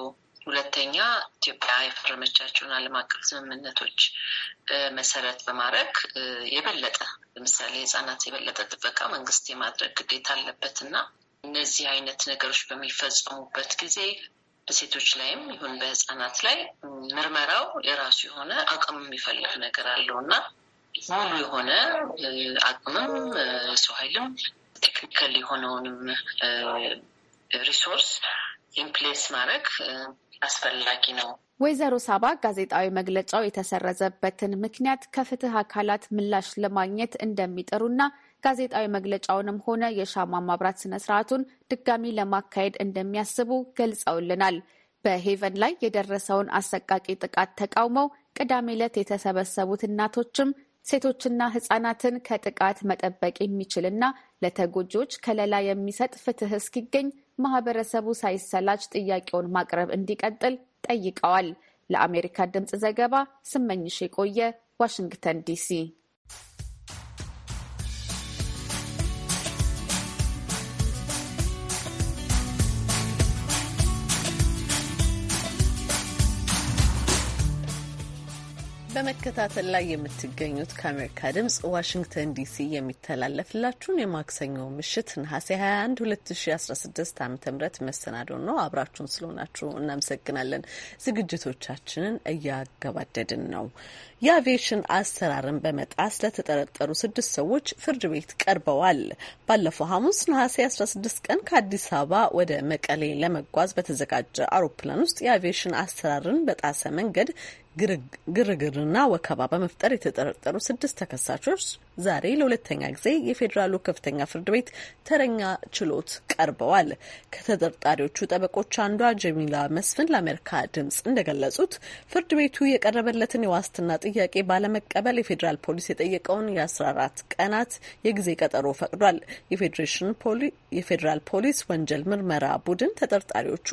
ሁለተኛ ኢትዮጵያ የፈረመቻቸውን ዓለም አቀፍ ስምምነቶች መሰረት በማድረግ የበለጠ ለምሳሌ ህጻናት የበለጠ ጥበቃ መንግስት የማድረግ ግዴታ አለበት እና እነዚህ አይነት ነገሮች በሚፈጸሙበት ጊዜ በሴቶች ላይም ይሁን በህጻናት ላይ ምርመራው የራሱ የሆነ አቅም የሚፈልግ ነገር አለው እና ሙሉ የሆነ አቅምም ሰው ኃይልም ቴክኒካል የሆነውንም ሪሶርስ ኢምፕሌስ ማድረግ አስፈላጊ ነው። ወይዘሮ ሳባ ጋዜጣዊ መግለጫው የተሰረዘበትን ምክንያት ከፍትህ አካላት ምላሽ ለማግኘት እንደሚጥሩና ጋዜጣዊ መግለጫውንም ሆነ የሻማ ማብራት ስነስርዓቱን ድጋሚ ለማካሄድ እንደሚያስቡ ገልጸውልናል። በሄቨን ላይ የደረሰውን አሰቃቂ ጥቃት ተቃውመው ቅዳሜ ዕለት የተሰበሰቡት እናቶችም ሴቶችና ህጻናትን ከጥቃት መጠበቅ የሚችልና ለተጎጂዎች ከለላ የሚሰጥ ፍትህ እስኪገኝ ማህበረሰቡ ሳይሰላች ጥያቄውን ማቅረብ እንዲቀጥል ጠይቀዋል። ለአሜሪካ ድምፅ ዘገባ ስመኝሽ የቆየ ዋሽንግተን ዲሲ። በመከታተል ላይ የምትገኙት ከአሜሪካ ድምጽ ዋሽንግተን ዲሲ የሚተላለፍላችሁን የማክሰኞ ምሽት ነሐሴ 21 2016 ዓ ም መሰናዶ ነው። አብራችሁን ስለሆናችሁ እናመሰግናለን። ዝግጅቶቻችንን እያገባደድን ነው። የአቪዬሽን አሰራርን በመጣስ ለተጠረጠሩ ስድስት ሰዎች ፍርድ ቤት ቀርበዋል። ባለፈው ሐሙስ ነሐሴ 16 ቀን ከአዲስ አበባ ወደ መቀሌ ለመጓዝ በተዘጋጀ አውሮፕላን ውስጥ የአቪዬሽን አሰራርን በጣሰ መንገድ ግርግርና ወከባ በመፍጠር የተጠረጠሩ ስድስት ተከሳቾች ዛሬ ለሁለተኛ ጊዜ የፌዴራሉ ከፍተኛ ፍርድ ቤት ተረኛ ችሎት ቀርበዋል። ከተጠርጣሪዎቹ ጠበቆች አንዷ ጀሚላ መስፍን ለአሜሪካ ድምጽ እንደገለጹት ፍርድ ቤቱ የቀረበለትን የዋስትና ጥያቄ ባለመቀበል የፌዴራል ፖሊስ የጠየቀውን የ14 ቀናት የጊዜ ቀጠሮ ፈቅዷል። የፌዴራል ፖሊስ ወንጀል ምርመራ ቡድን ተጠርጣሪዎቹ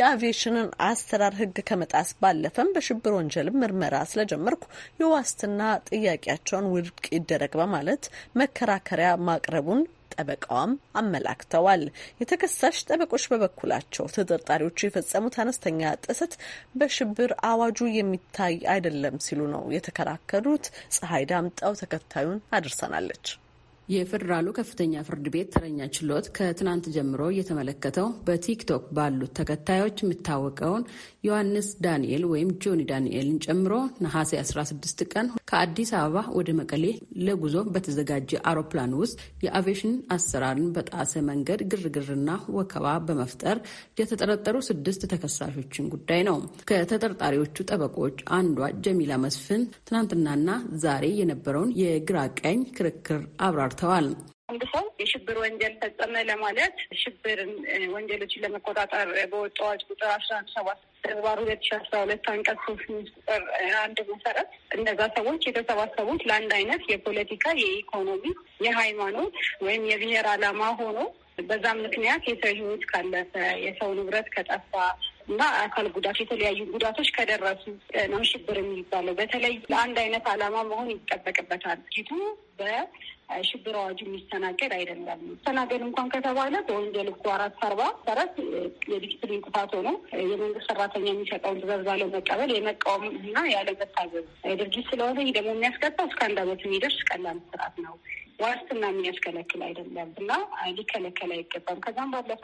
የአቪዬሽንን አሰራር ህግ ከመጣስ ባለፈም በሽብር ወንጀል ምርመራ ስለጀመርኩ የዋስትና ጥያቄያቸውን ውድቅ ይደረግ በማለት መከራከሪያ ማቅረቡን ጠበቃዋም አመላክተዋል። የተከሳሽ ጠበቆች በበኩላቸው ተጠርጣሪዎቹ የፈጸሙት አነስተኛ ጥሰት በሽብር አዋጁ የሚታይ አይደለም ሲሉ ነው የተከራከሩት። ፀሐይ ዳምጠው ተከታዩን አድርሰናለች። የፌዴራሉ ከፍተኛ ፍርድ ቤት ተረኛ ችሎት ከትናንት ጀምሮ እየተመለከተው በቲክቶክ ባሉት ተከታዮች የሚታወቀውን ዮሐንስ ዳንኤል ወይም ጆኒ ዳንኤልን ጨምሮ ነሐሴ 16 ቀን ከአዲስ አበባ ወደ መቀሌ ለጉዞ በተዘጋጀ አውሮፕላን ውስጥ የአቪዬሽን አሰራርን በጣሰ መንገድ ግርግርና ወከባ በመፍጠር የተጠረጠሩ ስድስት ተከሳሾችን ጉዳይ ነው። ከተጠርጣሪዎቹ ጠበቆች አንዷ ጀሚላ መስፍን ትናንትናና ዛሬ የነበረውን የግራ ቀኝ ክርክር አብራር አብራርተዋል። አንድ ሰው የሽብር ወንጀል ፈጸመ ለማለት ሽብር ወንጀሎችን ለመቆጣጠር በወጣው አዋጅ ቁጥር አስራ አንድ ሰባት ተግባር ሁለት ሺ አስራ ሁለት አንቀጽ ሶስት ቁጥር አንድ መሰረት እነዛ ሰዎች የተሰባሰቡት ለአንድ አይነት የፖለቲካ፣ የኢኮኖሚ፣ የሃይማኖት ወይም የብሔር አላማ ሆኖ በዛም ምክንያት የሰው ህይወት ካለፈ የሰው ንብረት ከጠፋ እና አካል ጉዳት የተለያዩ ጉዳቶች ከደረሱ ነው ሽብር የሚባለው። በተለይ ለአንድ አይነት አላማ መሆን ይጠበቅበታል ቱ በ ሽብር አዋጁ የሚስተናገድ አይደለም። ሚስተናገድ እንኳን ከተባለ በወንጀል ህጉ አራት አርባ ሰረት የዲጂታል እንቅፋት ሆኖ የመንግስት ሰራተኛ የሚሰጠውን ትዕዛዝ ባለመቀበል የመቃወም እና ያለመታዘዝ ድርጊት ስለሆነ ይህ ደግሞ የሚያስቀጣው እስከ አንድ አመት የሚደርስ ቀላል ስርዓት ነው። ዋስትና የሚያስከለክል አይደለም እና ሊከለከል አይገባም። ከዛም ባለፈ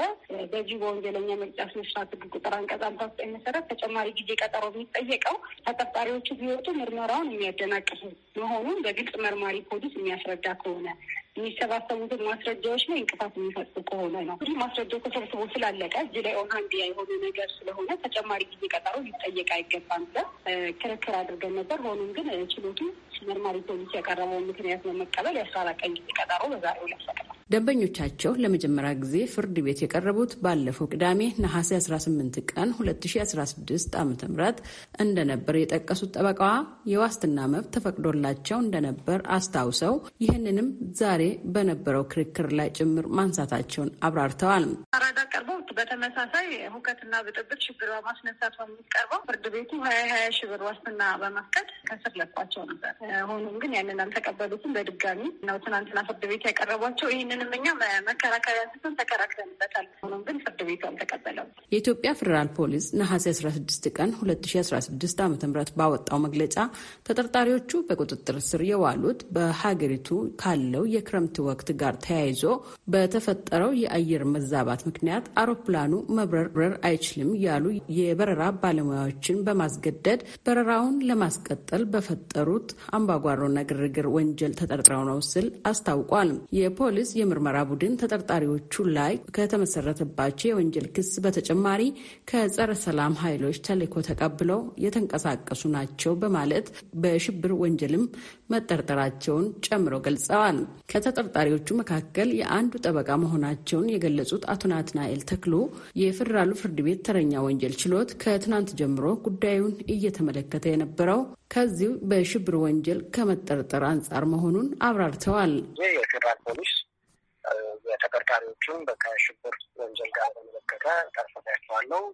በዚህ በወንጀለኛ መቅጫ ስነ ስርዓት ቁጥር አንቀጽ አምሳ ዘጠኝ መሰረት ተጨማሪ ጊዜ ቀጠሮ የሚጠየቀው ተጠርጣሪዎቹ ቢወጡ ምርመራውን የሚያደናቅፉ መሆኑን በግልጽ መርማሪ ፖሊስ የሚያስረዳ ከሆነ የሚሰባሰቡትን ማስረጃዎች ላይ እንቅፋት የሚፈጽም ከሆነ ነው። እንግዲህ ማስረጃው ተሰብስቦ ስላለቀ እጅ ላይ ኦንሃንድ የሆነ ነገር ስለሆነ ተጨማሪ ጊዜ ቀጠሮ ሊጠየቅ አይገባም ብለን ክርክር አድርገን ነበር። ሆኖም ግን ችሎቱ መርማሪ ፖሊስ ያቀረበውን ምክንያት በመቀበል የአስራ አራት ቀን ጊዜ ቀጠሮ በዛሬው ዕለት ፈቅዷል። ደንበኞቻቸው ለመጀመሪያ ጊዜ ፍርድ ቤት የቀረቡት ባለፈው ቅዳሜ ነሐሴ 18 ቀን 2016 ዓ ም እንደነበር የጠቀሱት ጠበቃዋ የዋስትና መብት ተፈቅዶላቸው እንደነበር አስታውሰው ይህንንም ዛሬ በነበረው ክርክር ላይ ጭምር ማንሳታቸውን አብራርተዋል። አራዳ ቀርበው በተመሳሳይ ሁከትና ብጥብጥ ሽብር በማስነሳት በሚቀርበው ፍርድ ቤቱ ሀያ ሀያ ሺህ ብር ዋስትና በማስቀድ ከስር ለቋቸው ነበር። ሆኖም ግን ያንን አልተቀበሉትም። በድጋሚ ነው ትናንትና ፍርድ ቤት ያቀረቧቸው ይህን ይህንንም እኛ መከራከሪያ ስትን ተከራክረንበታል። ሆኖም ግን ፍርድ ቤቱ አልተቀበለም። የኢትዮጵያ ፌዴራል ፖሊስ ነሐሴ 16 ቀን 2016 ዓ ም ባወጣው መግለጫ ተጠርጣሪዎቹ በቁጥጥር ስር የዋሉት በሀገሪቱ ካለው የክረምት ወቅት ጋር ተያይዞ በተፈጠረው የአየር መዛባት ምክንያት አውሮፕላኑ መብረር አይችልም ያሉ የበረራ ባለሙያዎችን በማስገደድ በረራውን ለማስቀጠል በፈጠሩት አምባጓሮና ግርግር ወንጀል ተጠርጥረው ነው ስል አስታውቋል። የፖሊስ የምርመራ ቡድን ተጠርጣሪዎቹ ላይ ከተመሰረተባቸው የወንጀል ክስ በተጨማሪ ከጸረ ሰላም ኃይሎች ተልዕኮ ተቀብለው የተንቀሳቀሱ ናቸው በማለት በሽብር ወንጀልም መጠርጠራቸውን ጨምሮ ገልጸዋል። ከተጠርጣሪዎቹ መካከል የአንዱ ጠበቃ መሆናቸውን የገለጹት አቶ ናትናኤል ተክሎ የፌዴራሉ ፍርድ ቤት ተረኛ ወንጀል ችሎት ከትናንት ጀምሮ ጉዳዩን እየተመለከተ የነበረው ከዚሁ በሽብር ወንጀል ከመጠርጠር አንጻር መሆኑን አብራርተዋል። የፌዴራል ፖሊስ የተከርካሪዎቹን ከሽብር ወንጀል ጋር በመለከተ ጠርፈታቸዋለው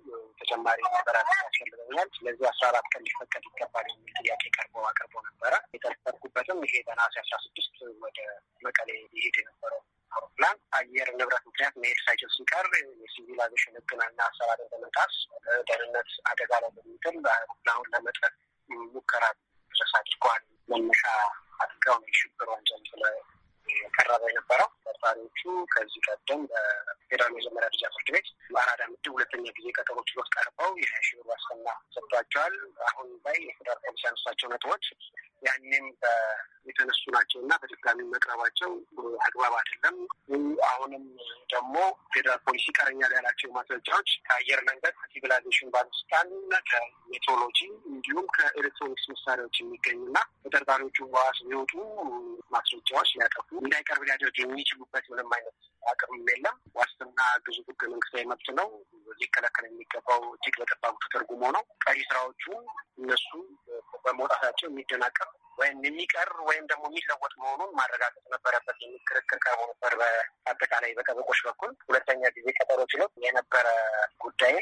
ተጨማሪ ነገራት ያስፈልገኛል። ስለዚህ አስራ አራት ቀን ሊፈቀድ ይገባል የሚል ጥያቄ ቀርቦ አቅርቦ ነበረ። የተፈርኩበትም ይሄ በነሐሴ አስራ ስድስት ወደ መቀሌ ይሄድ የነበረው አውሮፕላን አየር ንብረት ምክንያት መሄድ ሳይችል ሲቀር የሲቪል አቪሽን ሕግና አሰራርን በመጣስ ደህንነት አደጋ ላይ በሚጥል አውሮፕላኑን ለመጥረፍ ሙከራ ድረስ አድርገዋል። መነሻ አድርገው የሽብር ወንጀል የቀረበ የነበረው ተጠርጣሪዎቹ ከዚህ ቀደም በፌደራል መጀመሪያ ደረጃ ፍርድ ቤት በአራዳ ምድብ ሁለተኛ ጊዜ ቀጠሮ ችሎት ቀርበው የሺ ብር ዋስትና ሰጥቷቸዋል። አሁን ላይ የፌደራል ፖሊስ ያነሳቸው ነጥቦች ያኔም የተነሱ ናቸው እና በድጋሚ መቅረባቸው አግባብ አይደለም። አሁንም ደግሞ ፌዴራል ፖሊሲ ይቀረኛል ያላቸው ማስረጃዎች ከአየር መንገድ ከሲቪላይዜሽን ባለስልጣን እና ከሜትሮሎጂ እንዲሁም ከኤሌክትሮኒክስ መሳሪያዎች የሚገኙና ተጠርጣሪዎቹ በዋስ ቢወጡ ማስረጃዎች ሊያጠፉ እንዳይቀርብ ሊያደርግ የሚችሉበት ምንም አይነት አቅምም የለም። ዋስትና ግዙፍ ህገ መንግስታዊ መብት ነው። ሊከለከል የሚገባው እጅግ በጠባቡ ተተርጉሞ ነው። ቀሪ ስራዎቹ እነሱ በመውጣታቸው የሚደናቀፍ ወይም የሚቀር ወይም ደግሞ የሚለወጥ መሆኑን ማረጋገጥ ነበረበት የሚል ክርክር ቀርቦ ነበር በአጠቃላይ በጠበቆች በኩል ሁለተኛ ጊዜ ቀጠሮ ችሎት የነበረ ጉዳይ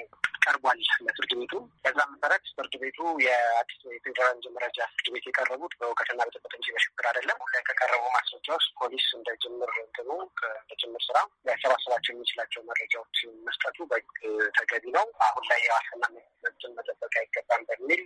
ቀርቧል ለፍርድ ቤቱ። በዛ መሰረት ፍርድ ቤቱ የአዲስ የፌዴራል መጀመሪያ ፍርድ ቤት የቀረቡት በእውቀትና በጥበት እንጂ በሽብር አይደለም። ሁላይ ከቀረቡ ማስረጃ ውስጥ ፖሊስ እንደ ጅምር እንትኑ እንደ ጅምር ስራ ሊያሰባሰባቸው የሚችላቸው መረጃዎች መስጠቱ ተገቢ ነው። አሁን ላይ የዋስትና መብትን መጠበቅ አይገባም በሚል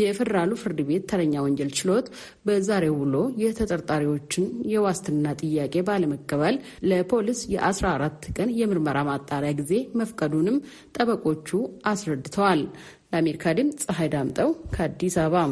የፌዴራሉ ፍርድ ቤት ተረኛ ወንጀል ችሎት በዛሬው ውሎ የተጠርጣሪዎችን የዋስትና ጥያቄ ባለመቀበል ለፖሊስ የ14 ቀን የምርመራ ማጣሪያ ጊዜ መፍቀዱንም ጠበቆቹ አስረድተዋል። ለአሜሪካ ድምፅ ፀሐይ ዳምጠው ከአዲስ አበባ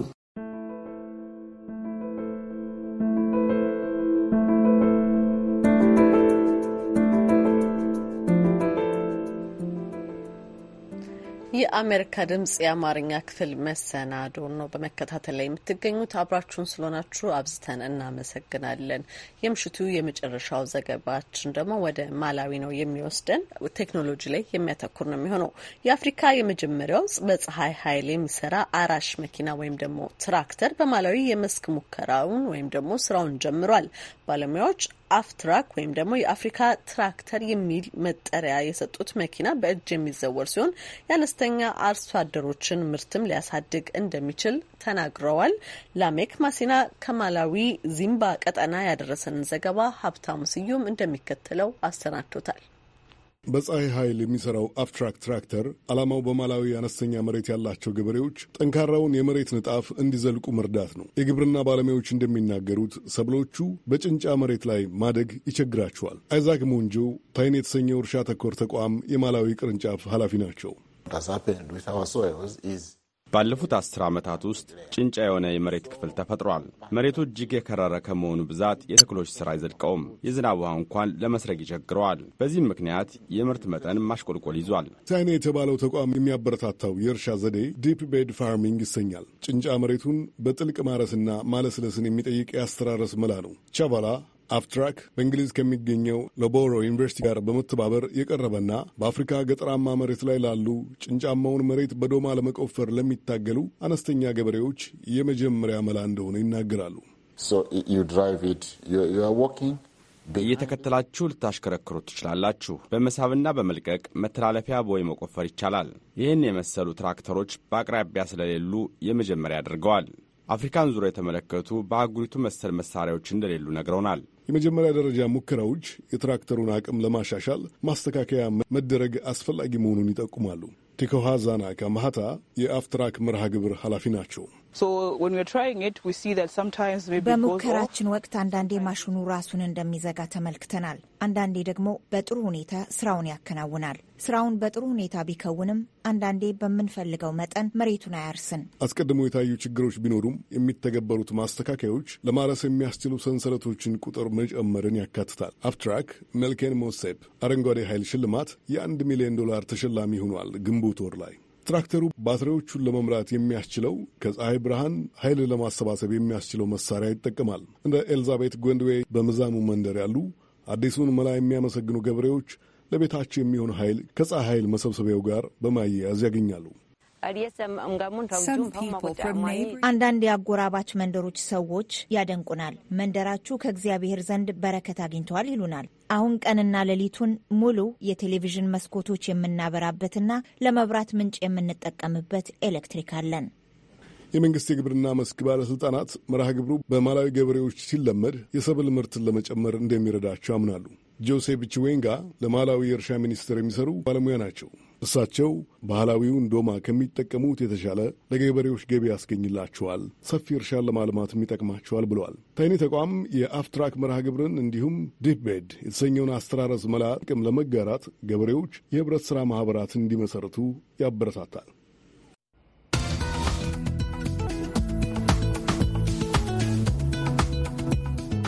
የአሜሪካ ድምጽ የአማርኛ ክፍል መሰናዶ ነው በመከታተል ላይ የምትገኙት። አብራችሁን ስለሆናችሁ አብዝተን እናመሰግናለን። የምሽቱ የመጨረሻው ዘገባችን ደግሞ ወደ ማላዊ ነው የሚወስደን። ቴክኖሎጂ ላይ የሚያተኩር ነው የሚሆነው። የአፍሪካ የመጀመሪያው በፀሐይ ኃይል የሚሰራ አራሽ መኪና ወይም ደግሞ ትራክተር በማላዊ የመስክ ሙከራውን ወይም ደግሞ ስራውን ጀምሯል። ባለሙያዎች አፍትራክ ወይም ደግሞ የአፍሪካ ትራክተር የሚል መጠሪያ የሰጡት መኪና በእጅ የሚዘወር ሲሆን የአነስተኛ አርሶ አደሮችን ምርትም ሊያሳድግ እንደሚችል ተናግረዋል። ላሜክ ማሲና ከማላዊ ዚምባ ቀጠና ያደረሰንን ዘገባ ሀብታሙ ስዩም እንደሚከተለው አሰናድቶታል። በፀሐይ ኃይል የሚሠራው አፍትራክ ትራክተር ዓላማው በማላዊ አነስተኛ መሬት ያላቸው ገበሬዎች ጠንካራውን የመሬት ንጣፍ እንዲዘልቁ መርዳት ነው። የግብርና ባለሙያዎች እንደሚናገሩት ሰብሎቹ በጭንጫ መሬት ላይ ማደግ ይቸግራቸዋል። አይዛክ ሞንጆ ታይን የተሰኘው እርሻ ተኮር ተቋም የማላዊ ቅርንጫፍ ኃላፊ ናቸው። ባለፉት አስር ዓመታት ውስጥ ጭንጫ የሆነ የመሬት ክፍል ተፈጥሯል። መሬቱ እጅግ የከረረ ከመሆኑ ብዛት የተክሎች ሥራ አይዘልቀውም። የዝናብ ውሃ እንኳን ለመስረግ ይቸግረዋል። በዚህም ምክንያት የምርት መጠን ማሽቆልቆል ይዟል። ሳይና የተባለው ተቋም የሚያበረታታው የእርሻ ዘዴ ዲፕ ቤድ ፋርሚንግ ይሰኛል። ጭንጫ መሬቱን በጥልቅ ማረስና ማለስለስን የሚጠይቅ የአስተራረስ መላ ነው። ቻባላ አፍትራክ በእንግሊዝ ከሚገኘው ለቦሮ ዩኒቨርሲቲ ጋር በመተባበር የቀረበና በአፍሪካ ገጠራማ መሬት ላይ ላሉ ጭንጫማውን መሬት በዶማ ለመቆፈር ለሚታገሉ አነስተኛ ገበሬዎች የመጀመሪያ መላ እንደሆነ ይናገራሉ። እየተከተላችሁ ልታሽከረክሩ ትችላላችሁ። በመሳብና በመልቀቅ መተላለፊያ ቦይ መቆፈር ይቻላል። ይህን የመሰሉ ትራክተሮች በአቅራቢያ ስለሌሉ የመጀመሪያ አድርገዋል። አፍሪካን ዙሪያ የተመለከቱ በአህጉሪቱ መሰል መሳሪያዎች እንደሌሉ ነግረውናል። የመጀመሪያ ደረጃ ሙከራዎች የትራክተሩን አቅም ለማሻሻል ማስተካከያ መደረግ አስፈላጊ መሆኑን ይጠቁማሉ። ቲኮሃዛና ዛና የአፍትራክ መርሃ ግብር ኃላፊ ናቸው። በሙከራችን ወቅት አንዳንዴ ማሽኑ ራሱን እንደሚዘጋ ተመልክተናል። አንዳንዴ ደግሞ በጥሩ ሁኔታ ስራውን ያከናውናል። ስራውን በጥሩ ሁኔታ ቢከውንም አንዳንዴ በምንፈልገው መጠን መሬቱን አያርስን። አስቀድሞ የታዩ ችግሮች ቢኖሩም የሚተገበሩት ማስተካከያዎች ለማረስ የሚያስችሉ ሰንሰለቶችን ቁጥር መጨመርን ያካትታል። አፍትራክ ሜልኬን ሞሴፕ አረንጓዴ ኃይል ሽልማት የአንድ ሚሊዮን ዶላር ተሸላሚ ሆኗል ግንቦት ወር ላይ ትራክተሩ ባትሪዎቹን ለመምራት የሚያስችለው ከፀሐይ ብርሃን ኃይል ለማሰባሰብ የሚያስችለው መሳሪያ ይጠቀማል። እንደ ኤልዛቤት ጎንድዌ በምዛሙ መንደር ያሉ አዲሱን መላ የሚያመሰግኑ ገበሬዎች ለቤታቸው የሚሆን ኃይል ከፀሐይ ኃይል መሰብሰቢያው ጋር በማያያዝ ያገኛሉ። አንዳንድ የአጎራባች መንደሮች ሰዎች ያደንቁናል። መንደራችሁ ከእግዚአብሔር ዘንድ በረከት አግኝተዋል ይሉናል። አሁን ቀንና ሌሊቱን ሙሉ የቴሌቪዥን መስኮቶች የምናበራበትና ለመብራት ምንጭ የምንጠቀምበት ኤሌክትሪክ አለን። የመንግስት የግብርና መስክ ባለሥልጣናት መርሃ ግብሩ በማላዊ ገበሬዎች ሲለመድ የሰብል ምርትን ለመጨመር እንደሚረዳቸው አምናሉ። ጆሴፍ ቺዌንጋ ለማላዊ የእርሻ ሚኒስቴር የሚሰሩ ባለሙያ ናቸው። እሳቸው ባህላዊውን ዶማ ከሚጠቀሙት የተሻለ ለገበሬዎች ገቢ ያስገኝላቸዋል፣ ሰፊ እርሻ ለማልማትም ይጠቅማቸዋል ብለዋል። ታይኒ ተቋም የአፍትራክ መርሃ ግብርን እንዲሁም ዲፕቤድ የተሰኘውን አስተራረስ መላ ጥቅም ለመጋራት ገበሬዎች የህብረት ሥራ ማኅበራትን እንዲመሠርቱ ያበረታታል።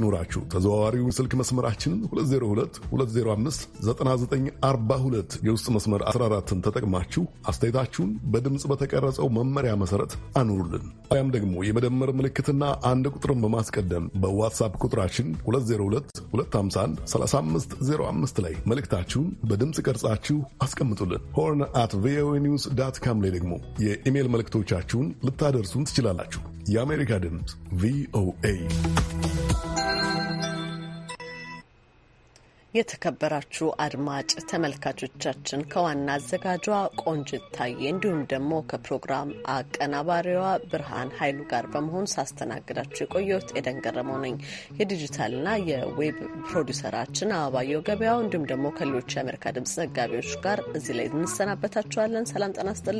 ሲኖራችሁ ተዘዋዋሪው ስልክ መስመራችንን 2022059942 የውስጥ መስመር 14ን ተጠቅማችሁ አስተያየታችሁን በድምፅ በተቀረጸው መመሪያ መሰረት አኑሩልን። ያም ደግሞ የመደመር ምልክትና አንድ ቁጥርን በማስቀደም በዋትሳፕ ቁጥራችን 2022513505 ላይ መልእክታችሁን በድምፅ ቀርጻችሁ አስቀምጡልን። ሆርን አት ቪኦኤ ኒውስ ዳት ካም ላይ ደግሞ የኢሜይል መልእክቶቻችሁን ልታደርሱን ትችላላችሁ። የአሜሪካ ድምፅ ቪኦኤ የተከበራችሁ አድማጭ ተመልካቾቻችን ከዋና አዘጋጇ ቆንጅት ታዬ እንዲሁም ደግሞ ከፕሮግራም አቀናባሪዋ ብርሃን ኃይሉ ጋር በመሆን ሳስተናግዳችሁ የቆየሁት ኤደን ገረመው ነኝ። የዲጂታልና የዌብ ፕሮዲውሰራችን አበባየው ገበያው እንዲሁም ደግሞ ከሌሎች የአሜሪካ ድምጽ ዘጋቢዎች ጋር እዚህ ላይ እንሰናበታችኋለን። ሰላም ጤና ይስጥልን።